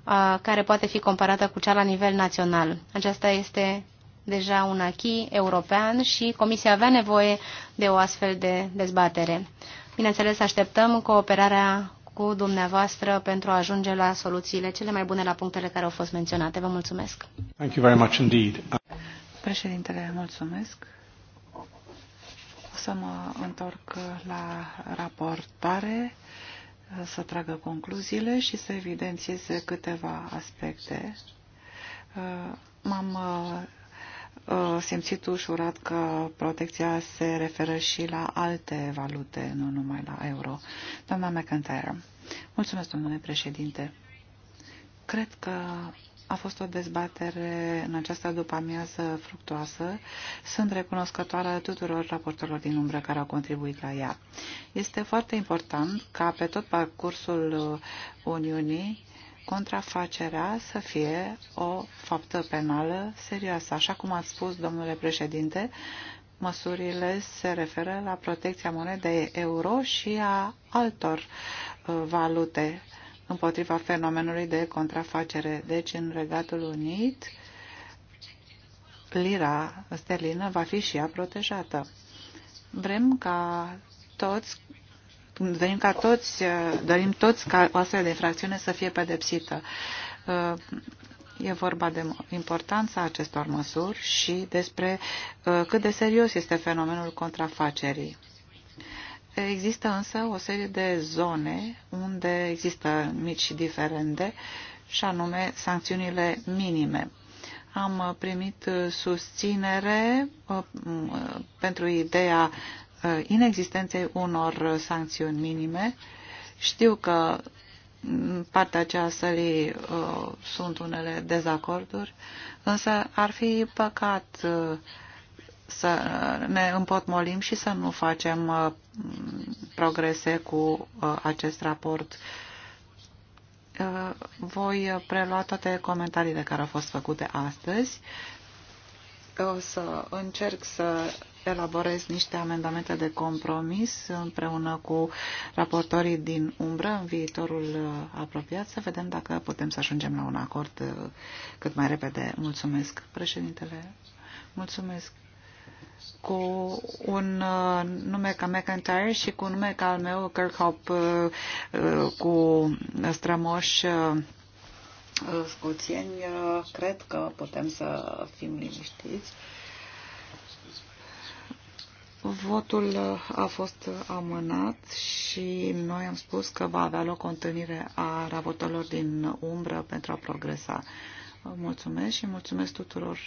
[SPEAKER 3] uh, care poate fi comparată cu cea la nivel național. Aceasta este deja un achii european și Comisia avea nevoie de o astfel de dezbatere. Bineînțeles, așteptăm cooperarea cu dumneavoastră pentru a ajunge la soluțiile cele mai bune la punctele care au fost menționate. Vă mulțumesc.
[SPEAKER 1] Thank you very much indeed.
[SPEAKER 4] Președintele, mulțumesc. O să mă întorc la raportare, să tragă concluziile și să evidențiez câteva aspecte. Uh, m-am uh, Uh, simțit ușurat că protecția se referă și la alte valute, nu numai la euro. Doamna McIntyre, mulțumesc, domnule președinte. Cred că a fost o dezbatere în această după-amiază fructoasă. Sunt recunoscătoare tuturor raportorilor din umbră care au contribuit la ea. Este foarte important ca pe tot parcursul uh, Uniunii contrafacerea să fie o faptă penală serioasă. Așa cum ați spus, domnule președinte, măsurile se referă la protecția monedei euro și a altor uh, valute împotriva fenomenului de contrafacere. Deci, în Regatul Unit, lira sterlină va fi și ea protejată. Vrem ca toți dorim ca toți, uh, dorim toți ca o astfel de infracțiune să fie pedepsită. Uh, e vorba de importanța acestor măsuri și despre uh, cât de serios este fenomenul contrafacerii. Există însă o serie de zone unde există mici diferende și anume sancțiunile minime. Am primit susținere pentru ideea Uh, inexistenței unor sancțiuni minime. Știu că în partea aceea sălii uh, sunt unele dezacorduri, însă ar fi păcat uh, să ne împotmolim și să nu facem uh, progrese cu uh, acest raport. Uh, voi prelua toate comentariile care au fost făcute astăzi. O să încerc să elaborez niște amendamente de compromis împreună cu raportorii din umbră în viitorul uh, apropiat să vedem dacă putem să ajungem la un acord uh, cât mai repede. Mulțumesc, președintele. Mulțumesc cu un uh, nume ca McIntyre și cu un nume ca al meu, Kirkhope, uh, uh, cu strămoși uh, uh scoțieni, uh, cred că putem să fim liniștiți. Uh, Votul uh, a fost uh, amânat și noi am spus că va avea loc o întâlnire a rabotelor din umbră pentru a progresa. Uh, mulțumesc și mulțumesc tuturor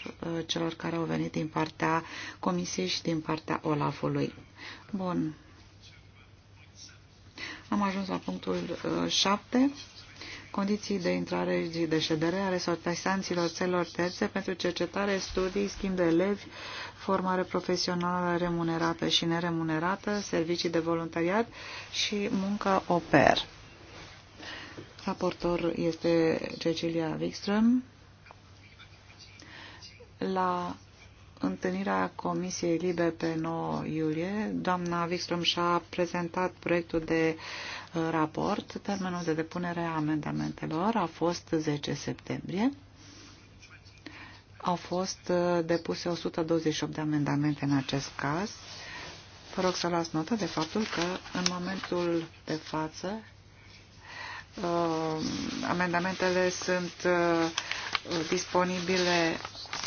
[SPEAKER 4] celor care au venit din partea Comisiei și din partea Olafului. Bun. Am ajuns la punctul 7 condiții de intrare și de ședere ale sortesanților țelor terțe pentru cercetare, studii, schimb de elevi, formare profesională remunerată și neremunerată, servicii de voluntariat și muncă au pair. Raportor este Cecilia Wikström. La întâlnirea Comisiei Libe pe 9 iulie, doamna Wikström și-a prezentat proiectul de uh, raport. Termenul de depunere a amendamentelor a fost 10 septembrie. Au fost uh, depuse 128 de amendamente în acest caz. Vă rog să luați notă de faptul că în momentul de față uh, amendamentele sunt uh, disponibile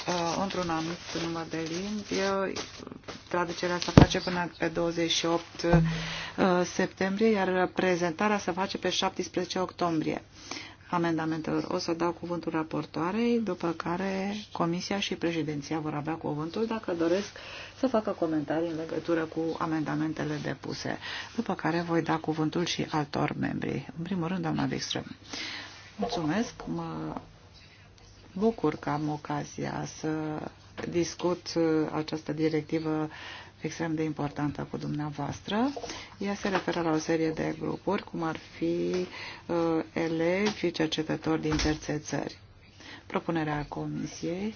[SPEAKER 4] uh, într-un anumit număr de limbi. Traducerea se face până pe 28 uh, septembrie, iar prezentarea se face pe 17 octombrie amendamentelor. O să dau cuvântul raportoarei, după care Comisia și președinția vor avea cuvântul dacă doresc să facă comentarii în legătură cu amendamentele depuse, după care voi da cuvântul și altor membri. În primul rând, doamna Wikström. Mulțumesc, mă bucur că am ocazia să discut uh, această directivă extrem de importantă cu dumneavoastră. Ea se referă la o serie de grupuri, cum ar fi uh, elevi și cercetători din terțe țări. Propunerea Comisiei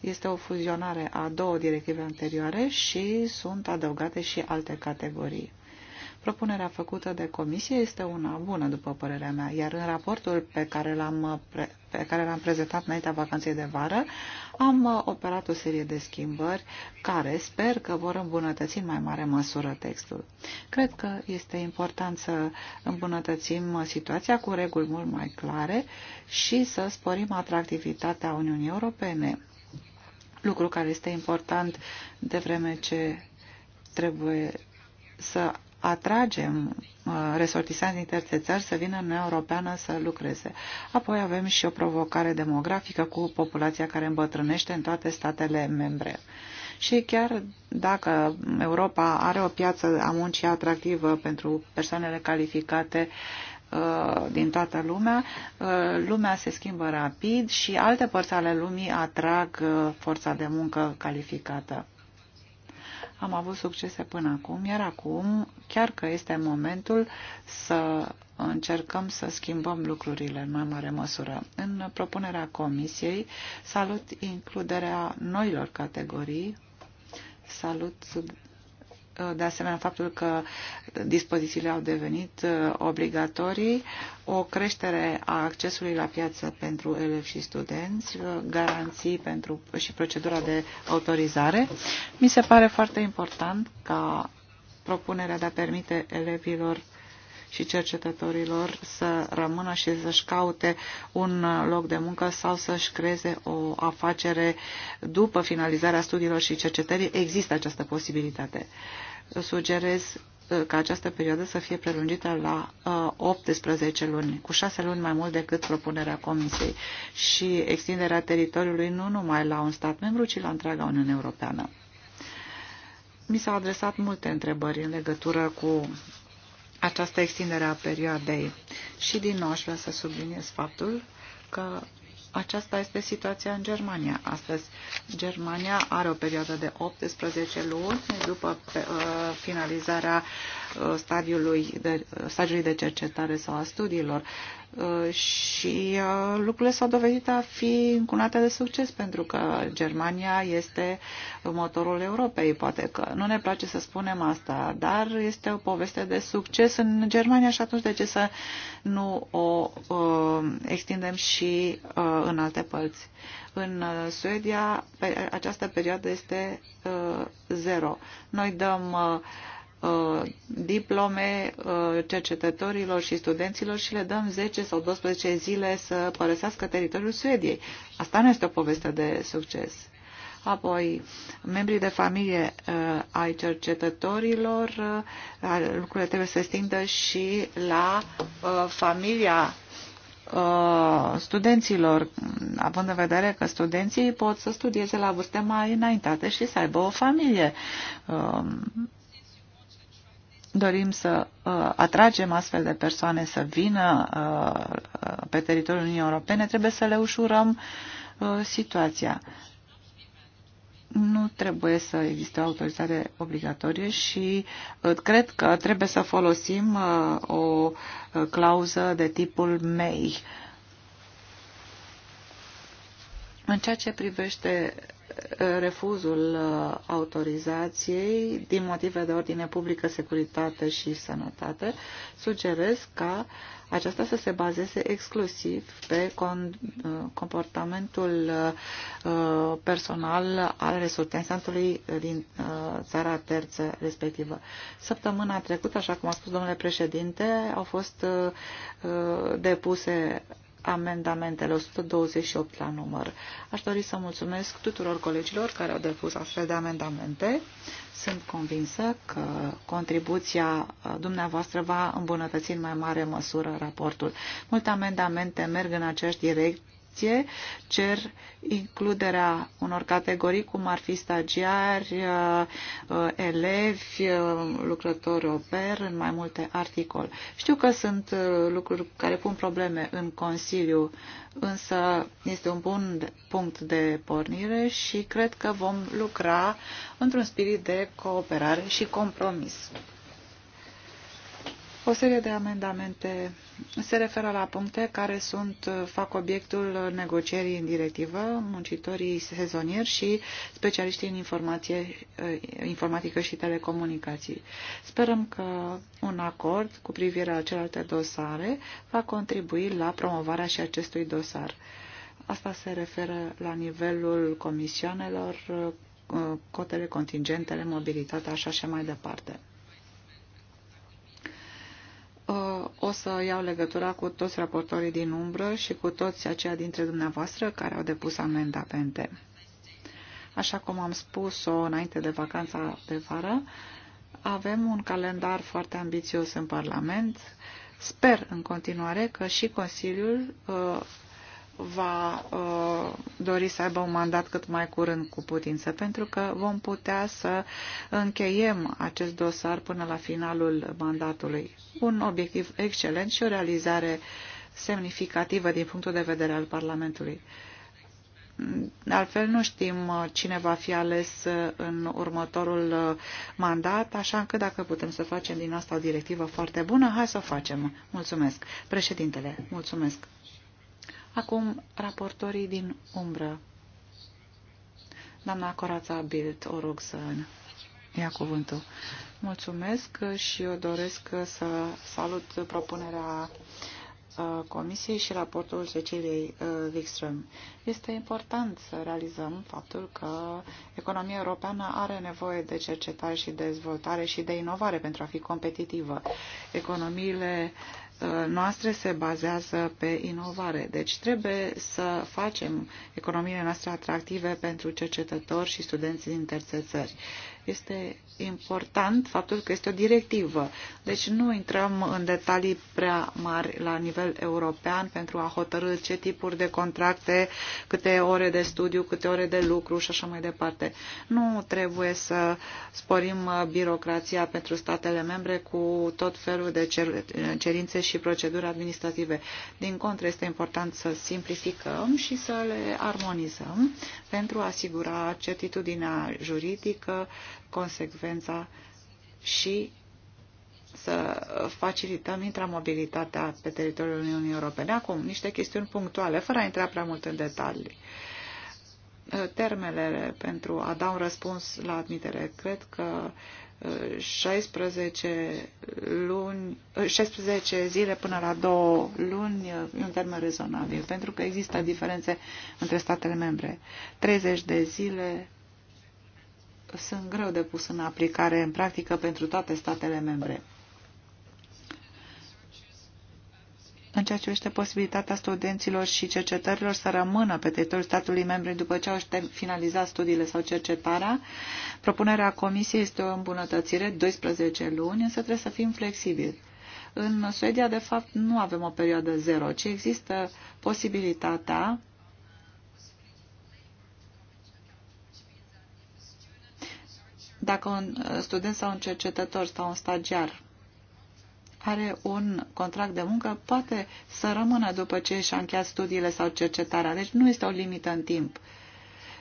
[SPEAKER 4] este o fuzionare a două directive anterioare și sunt adăugate și alte categorii. Propunerea făcută de comisie este una bună, după părerea mea, iar în raportul pe care l-am, pe care l-am prezentat înaintea vacanței de vară, am uh, operat o serie de schimbări care sper că vor îmbunătăți în mai mare măsură textul. Cred că este important să îmbunătățim situația cu reguli mult mai clare și să sporim atractivitatea Uniunii Europene, lucru care este important de vreme ce trebuie să atragem uh, resortisanți din terțe țări să vină în Uniunea Europeană să lucreze. Apoi avem și o provocare demografică cu populația care îmbătrânește în toate statele membre. Și chiar dacă Europa are o piață a muncii atractivă pentru persoanele calificate, uh, din toată lumea. Uh, lumea se schimbă rapid și alte părți ale lumii atrag forța de muncă calificată am avut succese până acum, iar acum, chiar că este momentul să încercăm să schimbăm lucrurile în mai mare măsură. În propunerea comisiei, salut includerea noilor categorii, salut de asemenea faptul că dispozițiile au devenit uh, obligatorii, o creștere a accesului la piață pentru elevi și studenți, uh, garanții pentru, și procedura de autorizare. Mi se pare foarte important ca propunerea de a permite elevilor și cercetătorilor să rămână și să-și caute un loc de muncă sau să-și creeze o afacere după finalizarea studiilor și cercetării. Există această posibilitate. Sugerez uh, ca această perioadă să fie prelungită la 18 uh, luni, cu 6 luni mai mult decât propunerea Comisiei și extinderea teritoriului nu numai la un stat membru, ci la întreaga Uniune Europeană. Mi s-au adresat multe întrebări în legătură cu această extindere a perioadei. Și din nou aș vrea să subliniez faptul că aceasta este situația în Germania. Astăzi, Germania are o perioadă de 18 luni după uh, finalizarea uh, stadiului de, uh, stadiului de cercetare sau a studiilor. Uh, și uh, lucrurile s-au dovedit a fi încunate de succes pentru că Germania este motorul Europei. Poate că nu ne place să spunem asta, dar este o poveste de succes în Germania și atunci de ce să nu o uh, extindem și în alte părți. În Suedia această perioadă este zero. Noi dăm uh, Uh, diplome uh, cercetătorilor și studenților și le dăm 10 sau 12 zile să părăsească teritoriul Suediei. Asta nu este o poveste de succes. Apoi, membrii de familie uh, ai cercetătorilor, uh, lucrurile trebuie să se stindă și la uh, familia uh, studenților, având în vedere că studenții pot să studieze la vârste mai înaintate și să aibă o familie. Um, dorim să uh, atragem astfel de persoane să vină uh, uh, pe teritoriul Uniunii Europene, trebuie să le ușurăm uh, situația. Nu trebuie să existe o autorizare obligatorie și uh, cred că trebuie să folosim uh, o uh, clauză de tipul MEI. În ceea ce privește refuzul uh, autorizației din motive de ordine publică, securitate și sănătate, sugerez ca aceasta să se bazeze exclusiv pe uh, comportamentul uh, personal al resortensantului din țara terță respectivă. Săptămâna trecută, așa cum a spus domnule președinte, au fost depuse amendamentele 128 la număr. Aș dori să mulțumesc tuturor colegilor care au depus astfel de amendamente. Sunt convinsă că contribuția uh, dumneavoastră va îmbunătăți în mai mare măsură raportul. Multe amendamente merg în aceeași direct, protecție, cer includerea unor categorii cum ar fi stagiari, uh, uh, elevi, uh, lucrători oper în mai multe articole. Știu că sunt lucruri care pun probleme în Consiliu, însă este un bun punct de pornire și cred că vom lucra într-un spirit de cooperare și compromis. O serie de amendamente se referă la puncte care sunt, fac obiectul negocierii în directivă, muncitorii sezonieri și specialiștii în informație, eh, informatică și telecomunicații. Sperăm că un acord cu privire la celelalte dosare va contribui la promovarea și acestui dosar. Asta se referă la nivelul comisioanelor, eh, cotele, contingentele, mobilitatea, așa și mai departe o să iau legătura cu toți raportorii din umbră și cu toți aceia dintre dumneavoastră care au depus amendamente. Așa cum am spus-o înainte de vacanța de vară, avem un calendar foarte ambițios în Parlament. Sper în continuare că și Consiliul uh, va uh, dori să aibă un mandat cât mai curând cu putință, pentru că vom putea să încheiem acest dosar până la finalul mandatului. Un obiectiv excelent și o realizare semnificativă din punctul de vedere al Parlamentului. Altfel nu știm uh, cine va fi ales uh, în următorul uh, mandat, așa încât dacă putem să facem din asta o directivă foarte bună, hai să o facem. Mulțumesc. Președintele, mulțumesc. Acum, raportorii din umbră. Doamna Corața Bild, o rog să ia cuvântul. Mulțumesc și eu doresc să salut propunerea uh, Comisiei și raportul Ceciliei uh, Wikström. Este important să realizăm faptul că economia europeană are nevoie de cercetare și dezvoltare și de inovare pentru a fi competitivă. Economiile uh, noastre se bazează pe inovare. Deci trebuie să facem economiile noastre atractive pentru cercetători și studenții din terțe țări. Este important faptul că este o directivă. Deci nu intrăm în detalii prea mari la nivel european pentru a hotărâ ce tipuri de contracte, câte ore de studiu, câte ore de lucru și așa mai departe. Nu trebuie să sporim uh, birocrația pentru statele membre cu tot felul de uh, cerințe și proceduri administrative. Din contră, este important să simplificăm și să le armonizăm pentru a asigura certitudinea juridică, consecvența și să facilităm intramobilitatea pe teritoriul Uniunii Europene. Acum, niște chestiuni punctuale, fără a intra prea mult în detalii. Termele pentru a da un răspuns la admitere, cred că 16, uh, luni, 16 uh, zile până la 2 luni uh, e un termen rezonabil, pentru că există diferențe între statele membre. 30 de zile sunt greu de pus în aplicare în practică pentru toate statele membre. în ceea ce este posibilitatea studenților și cercetărilor să rămână pe teritoriul statului membru după ce au finalizat studiile sau cercetarea. Propunerea Comisiei este o îmbunătățire, 12 luni, însă trebuie să fim flexibili. În Suedia, de fapt, nu avem o perioadă zero, ci există posibilitatea Dacă un student sau un cercetător sau un stagiar are un contract de muncă, poate să rămână după ce și-a încheiat studiile sau cercetarea. Deci nu este o limită în timp.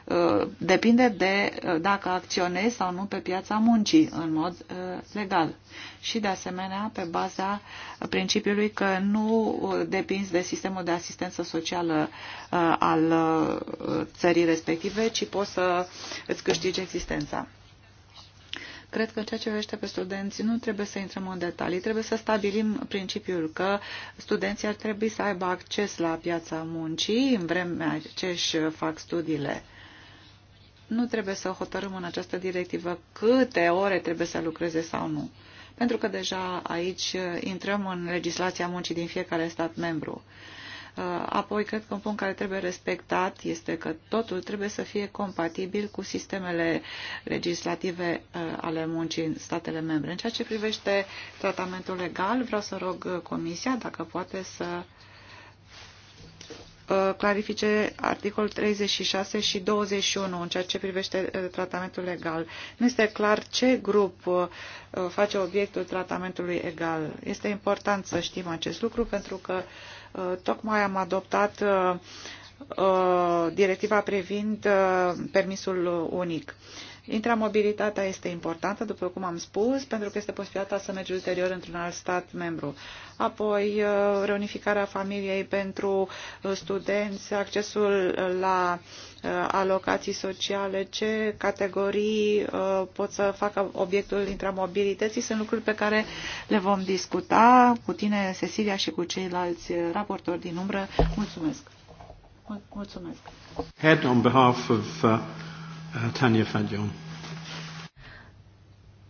[SPEAKER 4] Uh, depinde de uh, dacă acționezi sau nu pe piața muncii în mod uh, legal. Și de asemenea pe baza principiului că nu depinzi de sistemul de asistență socială al țării respective, ci poți să îți câștigi existența. Cred că în ceea ce vrește pe studenți nu trebuie să intrăm în detalii, trebuie să stabilim principiul că studenții ar trebui să aibă acces la piața muncii în vremea ce își fac studiile. Nu trebuie să hotărâm în această directivă câte ore trebuie să lucreze sau nu, pentru că deja aici intrăm în legislația muncii din fiecare stat membru. Uh, apoi, cred că un punct care trebuie respectat este că totul trebuie să fie compatibil cu sistemele legislative uh, ale muncii în statele membre. În ceea ce privește tratamentul legal, vreau să rog uh, Comisia dacă poate să clarifice articolul 36 și 21 în ceea ce privește tratamentul legal. Nu este clar ce grup face obiectul tratamentului egal. Este important să știm acest lucru pentru că uh, Uh, tocmai am adoptat uh, uh, directiva privind permisul unic. Intramobilitatea este importantă, după cum am spus, pentru că este posibilitatea să mergi ulterior într-un alt stat membru. Apoi, uh, reunificarea familiei pentru uh, studenți, accesul la uh, alocații sociale, ce categorii pot să facă obiectul intramobilității, sunt lucruri pe care le vom discuta cu tine, Cecilia, și cu ceilalți raportori din umbră. Mulțumesc! Mulțumesc!
[SPEAKER 1] Head on behalf of uh... Uh, Tania Fajon.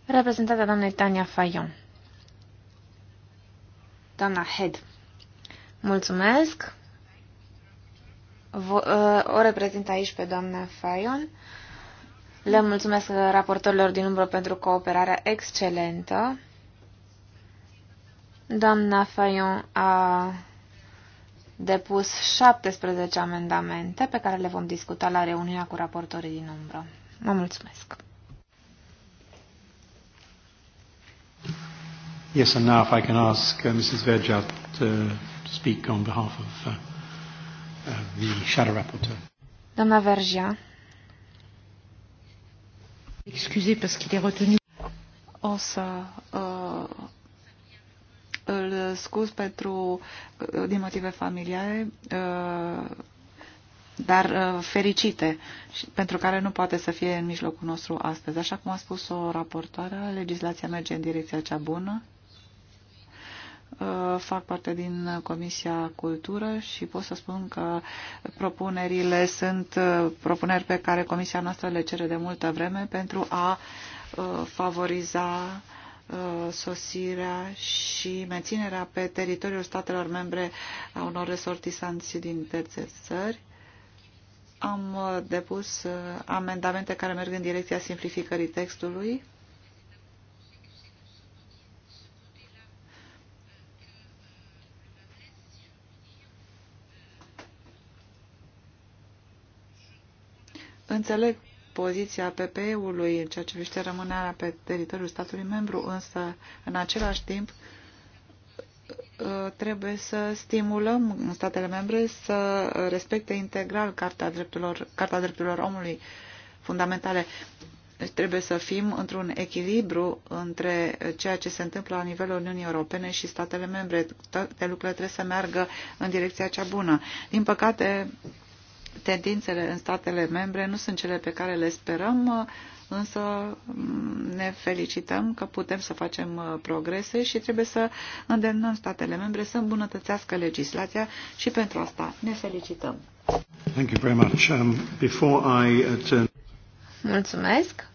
[SPEAKER 4] Reprezentată doamnei
[SPEAKER 2] Tania Fajon. Doamna Head. Mulțumesc. Uh, o reprezint aici pe doamna Fajon. Le mulțumesc uh, raportorilor din umbră pentru cooperarea excelentă. Doamna Fayon a depus 17 amendamente pe care le vom discuta la reuniunea cu raportorii din umbră. Mă mulțumesc!
[SPEAKER 1] Yes, and now if I can ask uh, Mrs. Verjat uh, to speak on behalf of uh, uh, the shadow rapporteur.
[SPEAKER 2] Doamna Verja.
[SPEAKER 4] Excusez parce qu'il est retenu. O să uh, îl scuz pentru, uh, din motive familiare, uh, dar uh, fericite, pentru care nu poate să fie în mijlocul nostru astăzi. Așa cum a spus o raportoare, legislația merge în direcția cea bună. Fac parte din Comisia Cultură și pot să spun că propunerile sunt propuneri pe care Comisia noastră le cere de multă vreme pentru a favoriza uh, Uh, sosirea și menținerea pe teritoriul statelor membre a unor resortisanți din terțe țări. Am uh, depus uh, amendamente care merg în direcția simplificării textului. Înțeleg poziția PPE-ului în ceea ce privește rămânarea pe teritoriul statului membru, însă în același timp trebuie să stimulăm statele membre să respecte integral Carta Drepturilor, Carta Drepturilor Omului fundamentale. Trebuie să fim într-un echilibru între ceea ce se întâmplă la nivelul Uniunii Europene și statele membre. Toate lucrurile trebuie să meargă în direcția cea bună. Din păcate, tendințele în statele membre nu sunt cele pe care le sperăm, însă mm, ne felicităm că putem să facem uh, progrese și trebuie să îndemnăm statele membre să îmbunătățească legislația și pentru asta ne felicităm.
[SPEAKER 1] Thank you very much. Um, before I uh, turn...
[SPEAKER 2] Mulțumesc.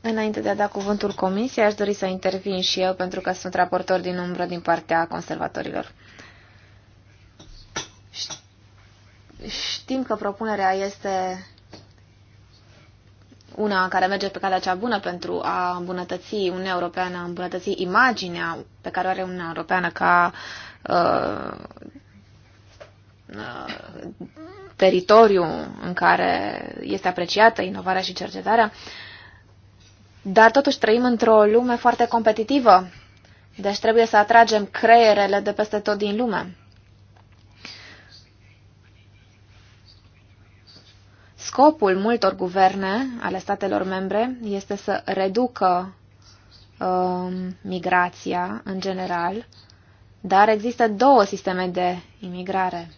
[SPEAKER 2] Înainte de a da cuvântul comisiei, aș dori să intervin și eu pentru că sunt raportor din umbră din partea conservatorilor. Știm că propunerea este una care merge pe calea cea bună pentru a îmbunătăți Uniunea Europeană, a îmbunătăți imaginea pe care o are Uniunea Europeană ca uh, uh, teritoriu în care este apreciată inovarea și cercetarea, dar totuși trăim într-o lume foarte competitivă, deci trebuie să atragem creierele de peste tot din lume. Scopul multor guverne ale statelor membre este să reducă uh, migrația în general, dar există două sisteme de imigrare.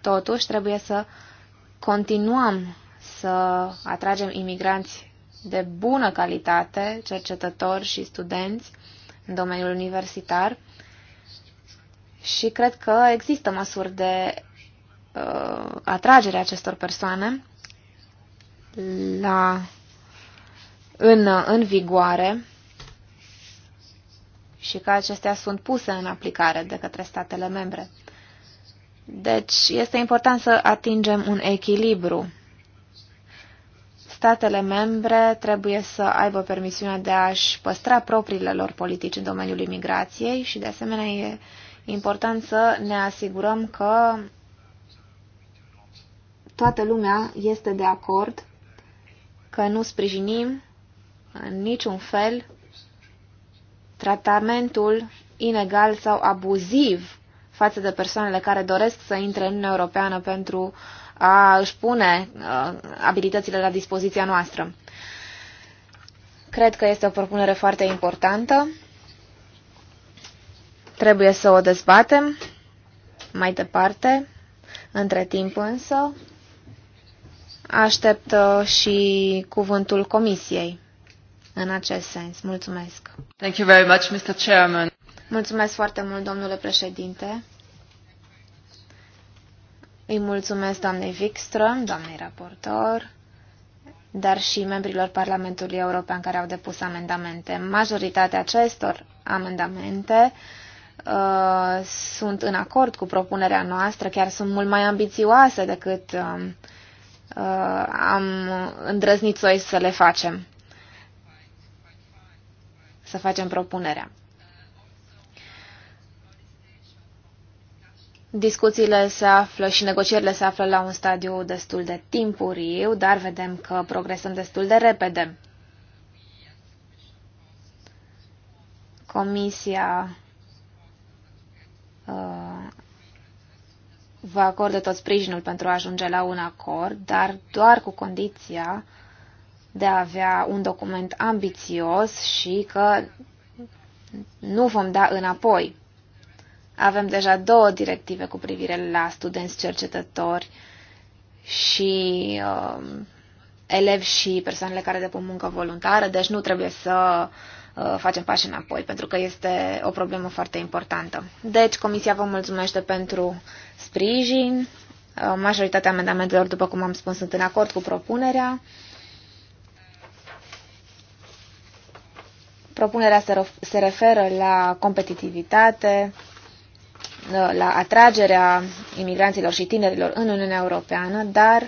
[SPEAKER 2] Totuși, trebuie să continuăm să atragem imigranți de bună calitate, cercetători și studenți în domeniul universitar și cred că există măsuri de uh, atragerea acestor persoane la, în, în vigoare și că acestea sunt puse în aplicare de către statele membre. Deci este important să atingem un echilibru. Statele membre trebuie să aibă permisiunea de a-și păstra propriile lor politici în domeniul imigrației și de asemenea e important să ne asigurăm că toată lumea este de acord că nu sprijinim în niciun fel tratamentul inegal sau abuziv față de persoanele care doresc să intre în Uniunea Europeană pentru a își pune uh, abilitățile la dispoziția noastră. Cred că este o propunere foarte importantă. Trebuie să o dezbatem mai departe. Între timp însă, Aștept uh, și cuvântul Comisiei în acest sens. Mulțumesc. Thank you very
[SPEAKER 4] much, Mr. Chairman.
[SPEAKER 2] Mulțumesc foarte mult, domnule președinte. Îi mulțumesc doamnei Wikström, doamnei raportor, dar și membrilor Parlamentului European care au depus amendamente. Majoritatea acestor amendamente uh, sunt în acord cu propunerea noastră, chiar sunt mult mai ambițioase decât uh, uh, am îndrăznit noi să le facem, să facem propunerea. Discuțiile se află și negocierile se află la un stadiu destul de timpuriu, dar vedem că progresăm destul de repede. Comisia vă acordă tot sprijinul pentru a ajunge la un acord, dar doar cu condiția de a avea un document ambițios și că nu vom da înapoi. Avem deja două directive cu privire la studenți cercetători și uh, elevi și persoanele care depun muncă voluntară, deci nu trebuie să uh, Uh, facem pași înapoi, pentru că este o problemă foarte importantă. Deci, Comisia vă mulțumește pentru sprijin. Uh, majoritatea amendamentelor, după cum am spus, sunt în acord cu propunerea. Propunerea se referă la competitivitate, uh, la atragerea imigranților și tinerilor în Uniunea Europeană, dar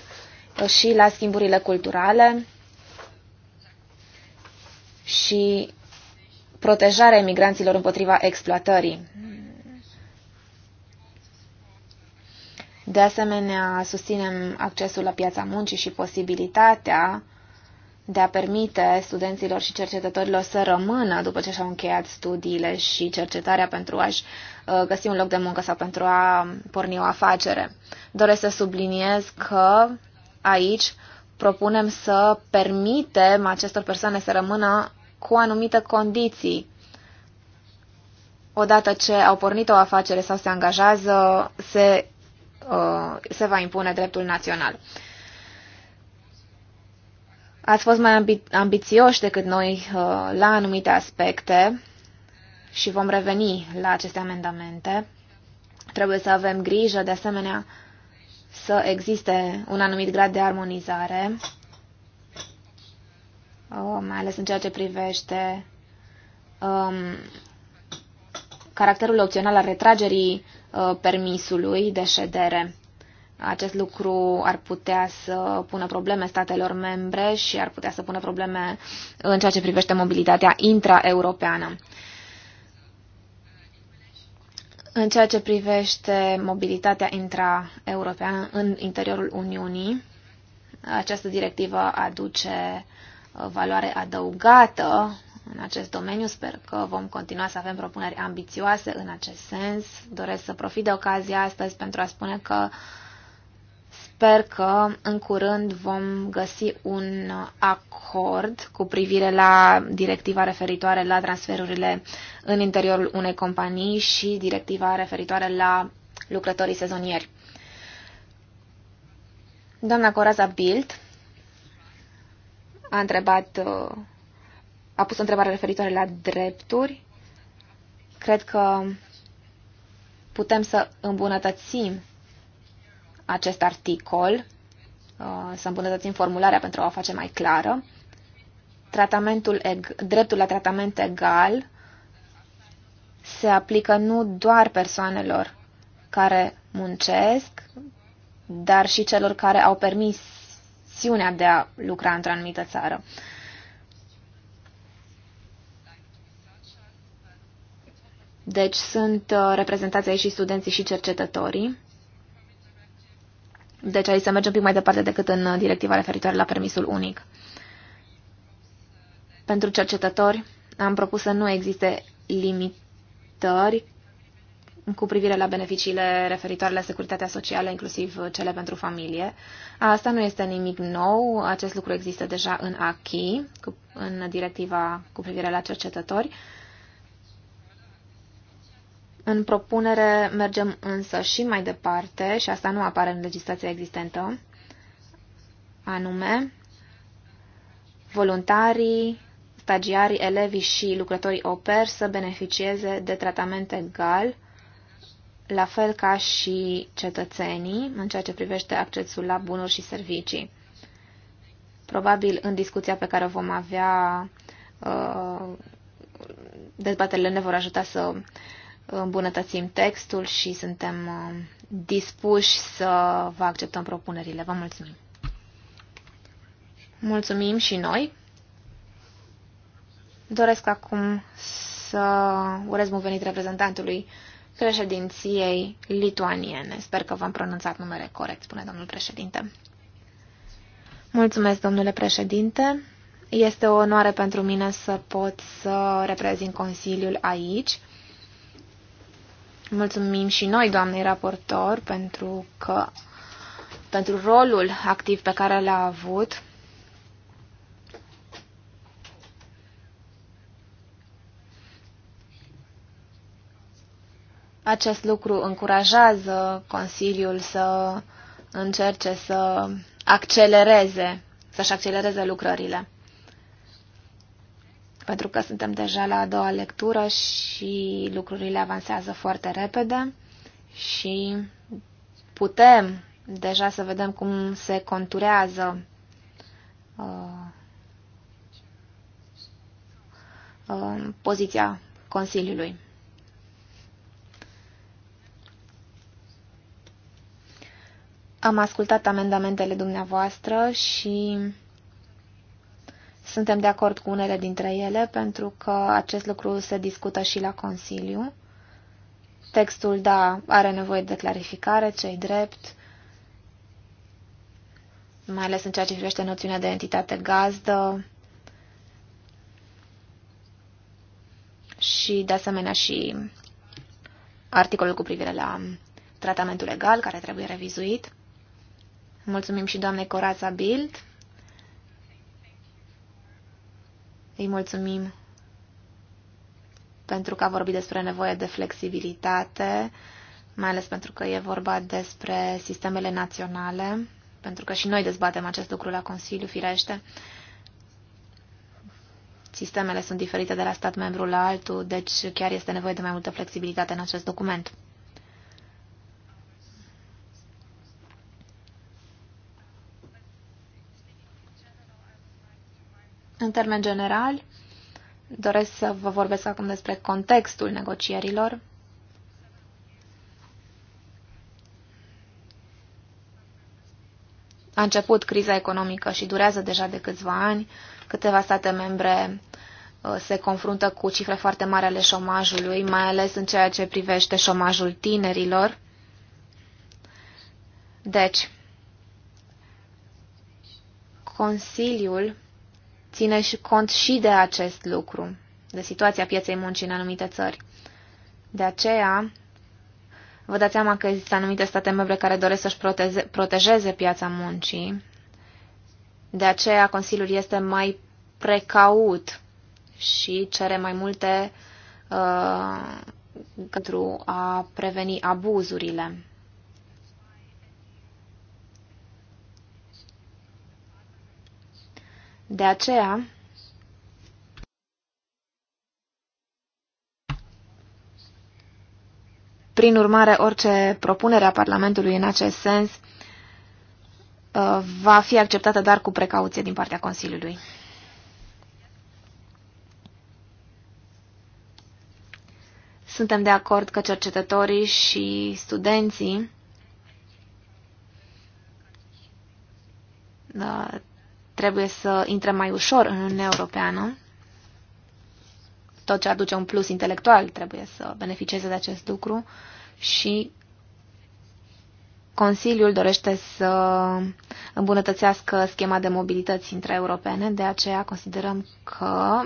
[SPEAKER 2] și la schimburile culturale și protejarea emigranților împotriva exploatării. De asemenea, susținem accesul la piața muncii și posibilitatea de a permite studenților și cercetătorilor să rămână după ce și-au încheiat studiile și cercetarea pentru a-și uh, găsi un loc de muncă sau pentru a porni o afacere. Doresc să subliniez că aici propunem să permitem acestor persoane să rămână cu anumite condiții. Odată ce au pornit o afacere sau se angajează, se, uh, se va impune dreptul național. Ați fost mai ambi- ambițioși decât noi uh, la anumite aspecte și vom reveni la aceste amendamente. Trebuie să avem grijă, de asemenea, să existe un anumit grad de armonizare Oh, mai ales în ceea ce privește um, caracterul opțional al retragerii uh, permisului de ședere. Acest lucru ar putea să pună probleme statelor membre și ar putea să pună probleme în ceea ce privește mobilitatea intraeuropeană. În ceea ce privește mobilitatea intraeuropeană în interiorul Uniunii, această directivă aduce uh, Uh, valoare adăugată în acest domeniu. Sper că vom continua să avem propuneri ambițioase în acest sens. Doresc să profit de ocazia astăzi pentru a spune că sper că în curând vom găsi un acord cu privire la directiva referitoare la transferurile în interiorul unei companii și directiva referitoare la lucrătorii sezonieri. Doamna Coraza Bild a întrebat, uh, a pus o întrebare referitoare la drepturi. Cred că putem să îmbunătățim acest articol, uh, să îmbunătățim formularea pentru a o face mai clară. Tratamentul dreptul la tratament egal se aplică nu doar persoanelor care muncesc, dar și celor care au permis opțiunea de a lucra într-o anumită țară. Deci sunt uh, reprezentați aici și studenții și cercetătorii. Deci aici să mergem un pic mai departe decât în uh, directiva referitoare la permisul unic. Pentru cercetători am propus să nu existe limitări cu privire la beneficiile referitoare la securitatea socială, inclusiv cele pentru familie. Asta nu este nimic nou, acest lucru există deja în ACHI, în directiva cu privire la cercetători. În propunere mergem însă și mai departe, și asta nu apare în legislația existentă, anume voluntarii, stagiarii, elevii și lucrătorii au să beneficieze de tratament egal la fel ca și cetățenii, în ceea ce privește accesul la bunuri și servicii. Probabil în discuția pe care o vom avea, uh, dezbaterile ne vor ajuta să îmbunătățim textul și suntem uh, dispuși să vă acceptăm propunerile. Vă mulțumim! Mulțumim și noi! Doresc acum să urez bun venit reprezentantului președinției lituaniene. Sper că v-am pronunțat numele corect, spune domnul președinte. Mulțumesc, domnule președinte. Este o onoare pentru mine să pot să reprezint Consiliul aici. Mulțumim și noi, doamnei raportor, pentru că pentru rolul activ pe care l-a avut Acest lucru încurajează Consiliul să încerce să accelereze, să-și accelereze lucrările. Pentru că suntem deja la a doua lectură și lucrurile avansează foarte repede și putem deja să vedem cum se conturează uh, uh, poziția Consiliului. Am ascultat amendamentele dumneavoastră și suntem de acord cu unele dintre ele pentru că acest lucru se discută și la Consiliu. Textul, da, are nevoie de clarificare, cei drept, mai ales în ceea ce privește noțiunea de entitate gazdă și, de asemenea, și articolul cu privire la tratamentul legal care trebuie revizuit. Mulțumim și doamnei Corața Bild. Îi mulțumim pentru că a vorbit despre nevoie de flexibilitate, mai ales pentru că e vorba despre sistemele naționale, pentru că și noi dezbatem acest lucru la Consiliu, firește. Sistemele sunt diferite de la stat membru la altul, deci chiar este nevoie de mai multă flexibilitate în acest document. În termen general, doresc să vă vorbesc acum despre contextul negocierilor. A început criza economică și durează deja de câțiva ani. Câteva state membre uh, se confruntă cu cifre foarte mari ale șomajului, mai ales în ceea ce privește șomajul tinerilor. Deci, Consiliul ține și cont și de acest lucru, de situația pieței muncii în anumite țări. De aceea, vă dați seama că există anumite state membre care doresc să-și proteze, protejeze piața muncii. De aceea, Consiliul este mai precaut și cere mai multe uh, pentru a preveni abuzurile. De aceea, prin urmare, orice propunere a Parlamentului în acest sens uh, va fi acceptată, dar cu precauție din partea Consiliului. Suntem de acord că cercetătorii și studenții uh, trebuie să intre mai ușor în Uniunea Europeană. Tot ce aduce un plus intelectual trebuie să beneficieze de acest lucru și Consiliul dorește să îmbunătățească schema de mobilități europene, de aceea considerăm că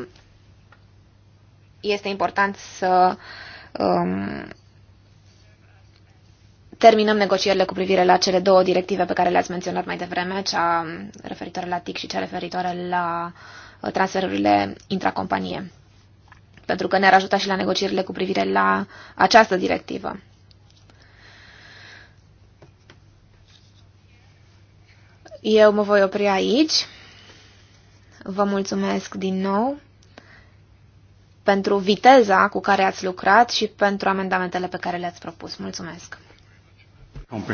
[SPEAKER 2] este important să um, terminăm negocierile cu privire la cele două directive pe care le-ați menționat mai devreme, cea referitoare la TIC și cea referitoare la uh, transferurile intracompanie, pentru că ne-ar ajuta și la negocierile cu privire la această directivă. Eu mă voi opri aici. Vă mulțumesc din nou pentru viteza cu care ați lucrat și pentru amendamentele pe care le-ați propus. Mulțumesc! Um,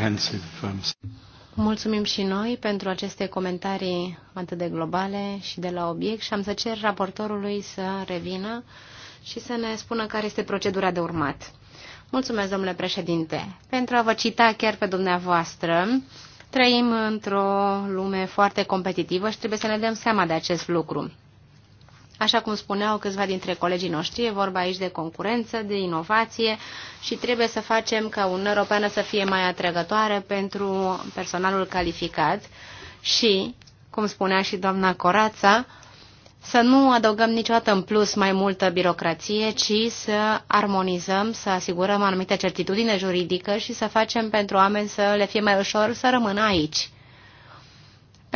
[SPEAKER 2] Mulțumim și noi pentru aceste
[SPEAKER 3] comentarii atât de globale și de la obiect și am să cer raportorului să revină și să ne spună care este procedura de urmat. Mulțumesc, domnule președinte. Pentru a vă cita chiar pe dumneavoastră, trăim într-o lume foarte competitivă și trebuie să ne dăm seama de acest lucru. Așa cum spuneau câțiva dintre colegii noștri, e vorba aici de concurență, de inovație și trebuie să facem ca Uniunea Europeană să fie mai atrăgătoare pentru personalul calificat și, cum spunea și doamna Corața, să nu adăugăm niciodată în plus mai multă birocrație, ci să armonizăm, să asigurăm anumite certitudine juridică și să facem pentru oameni să le fie mai ușor să rămână aici.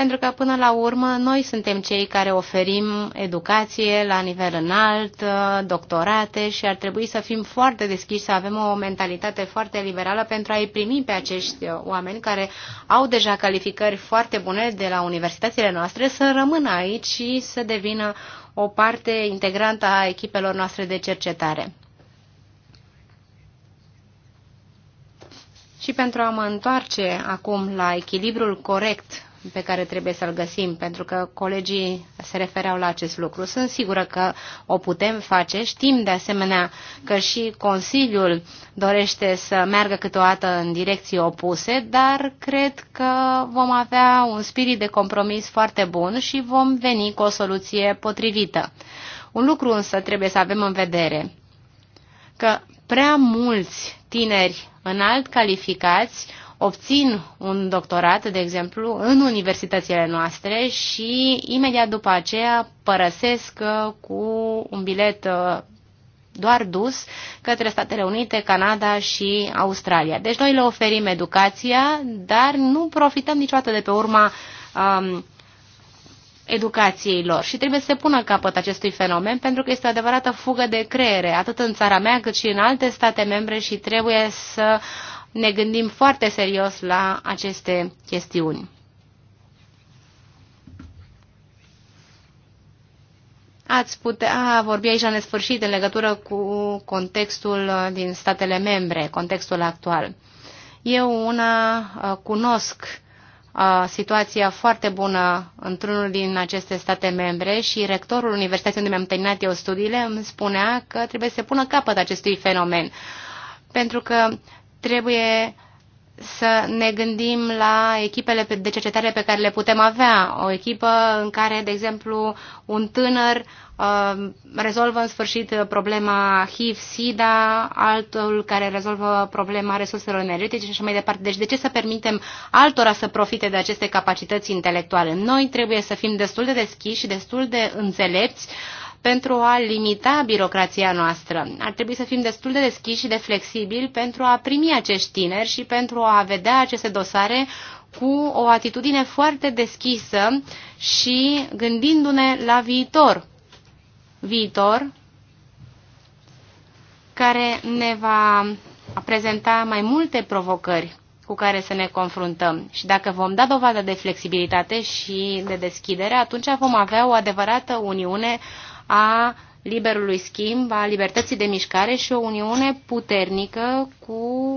[SPEAKER 3] Pentru că, până la urmă, noi suntem cei care oferim educație la nivel înalt, doctorate și ar trebui să fim foarte deschiși, să avem o mentalitate foarte liberală pentru a-i primi pe acești oameni care au deja calificări foarte bune de la universitățile noastre să rămână aici și să devină o parte integrantă a echipelor noastre de cercetare. Și pentru a mă întoarce acum la echilibrul corect pe care trebuie să-l găsim, pentru că colegii se refereau la acest lucru. Sunt sigură că o putem face. Știm de asemenea că și Consiliul dorește să meargă câteodată în direcții opuse, dar cred că vom avea un spirit de compromis foarte bun și vom veni cu o soluție potrivită. Un lucru însă trebuie să avem în vedere, că prea mulți tineri înalt calificați obțin un doctorat, de exemplu, în universitățile noastre și imediat după aceea părăsesc uh, cu un bilet uh, doar dus către Statele Unite, Canada și Australia. Deci noi le oferim educația, dar nu profităm niciodată de pe urma um, educației lor și trebuie să se pună capăt acestui fenomen pentru că este o adevărată fugă de creere, atât în țara mea cât și în alte state membre și trebuie să ne gândim foarte serios la aceste chestiuni. Ați putea vorbi aici la nesfârșit în legătură cu contextul din statele membre, contextul actual. Eu una cunosc situația foarte bună într-unul din aceste state membre și rectorul universității unde mi-am terminat eu studiile îmi spunea că trebuie să pună capăt acestui fenomen. Pentru că Trebuie să ne gândim la echipele de cercetare pe care le putem avea. O echipă în care, de exemplu, un tânăr uh, rezolvă în sfârșit problema HIV-SIDA, altul care rezolvă problema resurselor energetice și așa mai departe. Deci de ce să permitem altora să profite de aceste capacități intelectuale? Noi trebuie să fim destul de deschiși și destul de înțelepți uh, pentru a limita birocrația noastră. Ar trebui să fim destul de deschiși și de flexibili pentru a primi acești tineri și pentru a vedea aceste dosare cu o atitudine foarte deschisă și gândindu-ne la viitor. Viitor care ne va prezenta mai multe provocări cu care să ne confruntăm. Și dacă vom da dovadă de flexibilitate și de deschidere, atunci vom avea o adevărată uniune a liberului schimb, a libertății de mișcare și o uniune puternică cu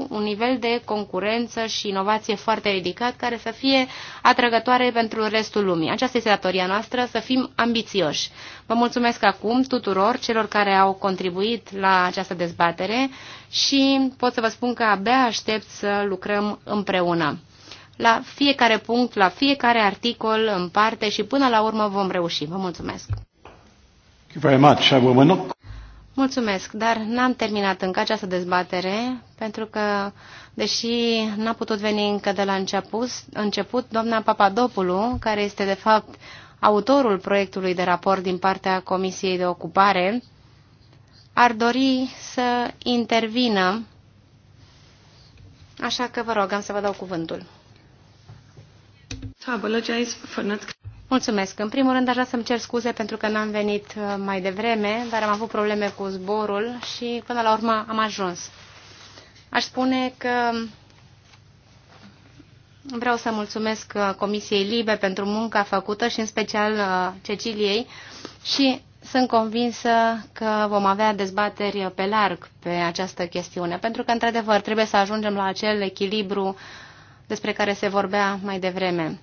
[SPEAKER 3] un nivel de concurență și inovație foarte ridicat care să fie atrăgătoare pentru restul lumii. Aceasta este datoria noastră, să fim ambițioși. Vă mulțumesc acum tuturor celor care au contribuit la această dezbatere și pot să vă spun că abia aștept să lucrăm împreună. La fiecare punct, la fiecare articol în parte și până la urmă vom reuși. Vă mulțumesc! Mulțumesc, dar n-am terminat încă această dezbatere, pentru că, deși n-a putut veni încă de la început, început, doamna Papadopoulou, care este de fapt autorul proiectului de raport din partea Comisiei de Ocupare, ar dori să intervină. Așa că vă rog, am să vă dau cuvântul. Mulțumesc. În primul rând, aș vrea să-mi cer scuze pentru că n-am venit uh, mai devreme, dar am avut probleme cu zborul și până la urmă am ajuns. Aș spune că vreau să mulțumesc uh, Comisiei Libe pentru munca făcută și în special uh, Ceciliei și sunt convinsă că vom avea dezbateri pe larg pe această chestiune, pentru că, într-adevăr, trebuie să ajungem la acel echilibru despre care se vorbea mai devreme.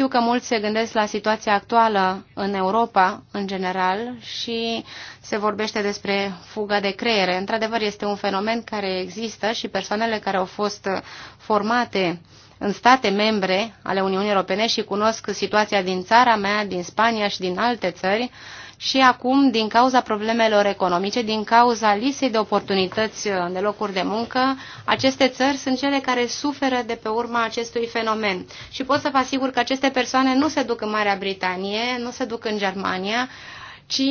[SPEAKER 3] Știu că mulți se gândesc la situația actuală în Europa, în general, și se vorbește despre fuga de creiere. Într-adevăr, este un fenomen care există și persoanele care au fost formate în state membre ale Uniunii Europene și cunosc situația din țara mea, din Spania și din alte țări, uh, și acum, din cauza problemelor economice, din cauza lisei de oportunități uh, de locuri de muncă, aceste țări sunt cele care suferă de pe urma acestui fenomen. Și pot să vă asigur că aceste persoane nu se duc în Marea Britanie, nu se duc în Germania, ci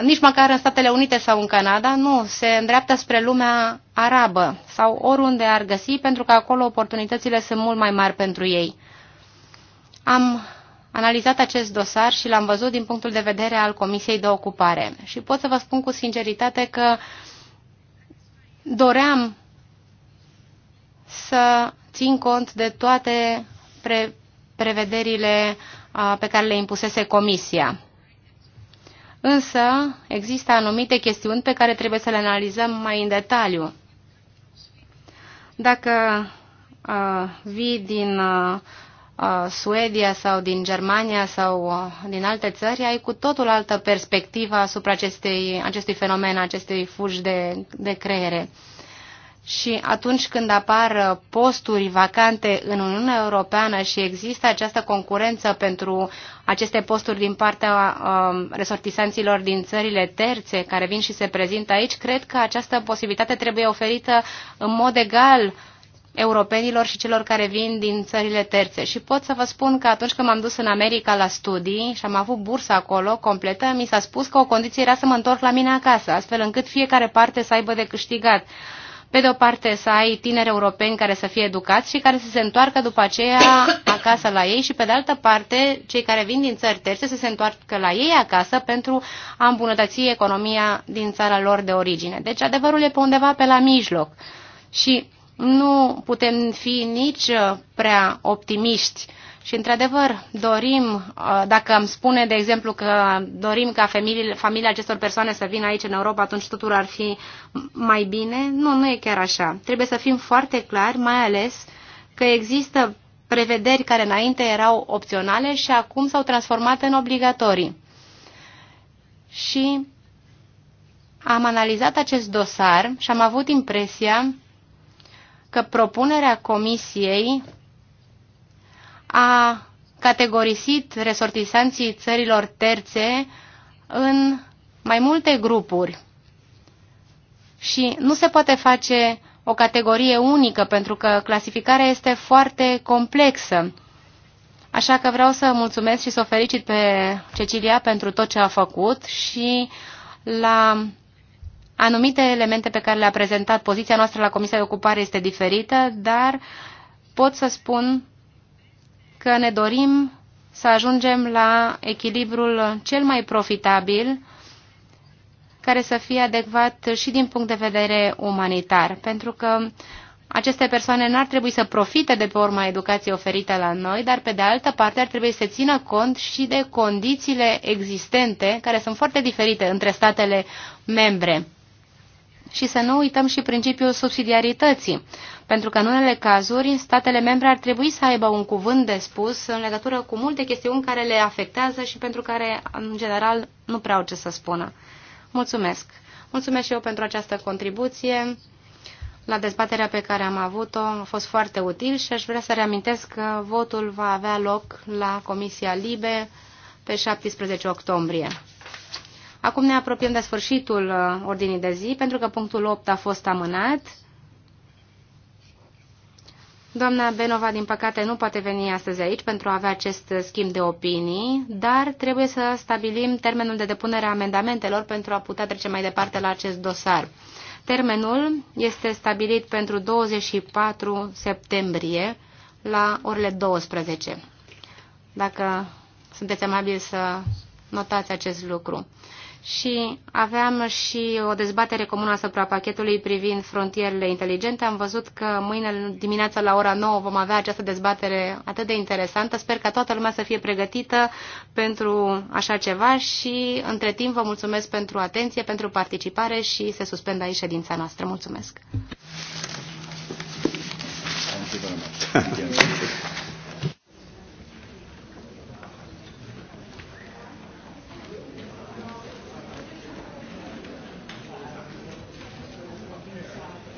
[SPEAKER 3] nici măcar în Statele Unite sau în Canada, nu, se îndreaptă spre lumea arabă sau oriunde ar găsi, pentru că acolo oportunitățile sunt mult mai mari pentru ei. Am analizat acest dosar și l-am văzut din punctul de vedere al Comisiei de Ocupare. Și pot să vă spun cu sinceritate că doream să țin cont de toate pre prevederile pe care le impusese Comisia. Însă există anumite chestiuni pe care trebuie să le analizăm mai în detaliu. Dacă uh, vii din uh, Suedia sau din Germania sau din alte țări, ai cu totul altă perspectivă asupra acestei, acestui fenomen, acestei fugi de, de creiere. Și atunci când apar posturi vacante în Uniunea Europeană și există această concurență pentru aceste posturi din partea um, resortisanților din țările terțe care vin și se prezintă aici, cred că această posibilitate trebuie oferită în mod egal uh, europenilor și celor care vin din țările terțe. Și pot să vă spun că atunci când m-am dus în America la studii și am avut bursa acolo completă, mi s-a spus că o condiție era să mă întorc la mine acasă, astfel încât fiecare parte să aibă de câștigat. Pe de o parte să ai tineri europeni care să fie educați și care să se întoarcă după aceea acasă la ei și pe de altă parte cei care vin din țări terțe să se întoarcă la ei acasă pentru a îmbunătăți economia din țara lor de origine. Deci adevărul e pe undeva pe la mijloc. Și nu putem fi nici uh, prea optimiști și, într-adevăr, dorim, uh, dacă îmi spune, de exemplu, că dorim ca familiile, familia acestor persoane să vină aici în Europa, atunci totul ar fi mai bine. Nu, nu e chiar așa. Trebuie să fim foarte clari, mai ales că există prevederi care înainte erau opționale și acum s-au transformat în obligatorii. Și am analizat acest dosar și am avut impresia că propunerea Comisiei a categorisit resortisanții țărilor terțe în mai multe grupuri și nu se poate face o categorie unică pentru că clasificarea este foarte complexă. Așa că vreau să mulțumesc și să o felicit pe Cecilia pentru tot ce a făcut și la anumite elemente pe care le-a prezentat. Poziția noastră la Comisia de Ocupare este diferită, dar pot să spun că ne dorim să ajungem la echilibrul cel mai profitabil care să fie adecvat și din punct de vedere umanitar, pentru că aceste persoane nu ar trebui să profite de pe urma educației oferite la noi, dar pe de altă parte ar trebui să țină cont și de condițiile existente, care sunt foarte diferite între statele membre și să nu uităm și principiul subsidiarității, pentru că în unele cazuri statele membre ar trebui să aibă un cuvânt de spus în legătură cu multe chestiuni care le afectează și pentru care, în general, nu prea au ce să spună. Mulțumesc! Mulțumesc și eu pentru această contribuție la dezbaterea pe care am avut-o. A fost foarte util și aș vrea să reamintesc că votul va avea loc la Comisia Libe pe 17 octombrie. Acum ne apropiem de sfârșitul uh, ordinii de zi, pentru că punctul 8 a fost amânat. Doamna Benova, din păcate, nu poate veni astăzi aici pentru a avea acest uh, schimb de opinii, dar trebuie să stabilim termenul de depunere a amendamentelor pentru a putea trece mai departe la acest dosar. Termenul este stabilit pentru 24 septembrie la orele 12. Dacă sunteți amabili să notați acest lucru și aveam și o dezbatere comună asupra pachetului privind frontierele inteligente. Am văzut că mâine dimineața la ora 9 vom avea această dezbatere atât de interesantă. Sper ca toată lumea să fie pregătită pentru așa ceva și între timp vă mulțumesc pentru atenție, pentru participare și se suspendă aici ședința noastră. Mulțumesc! Thank you very much.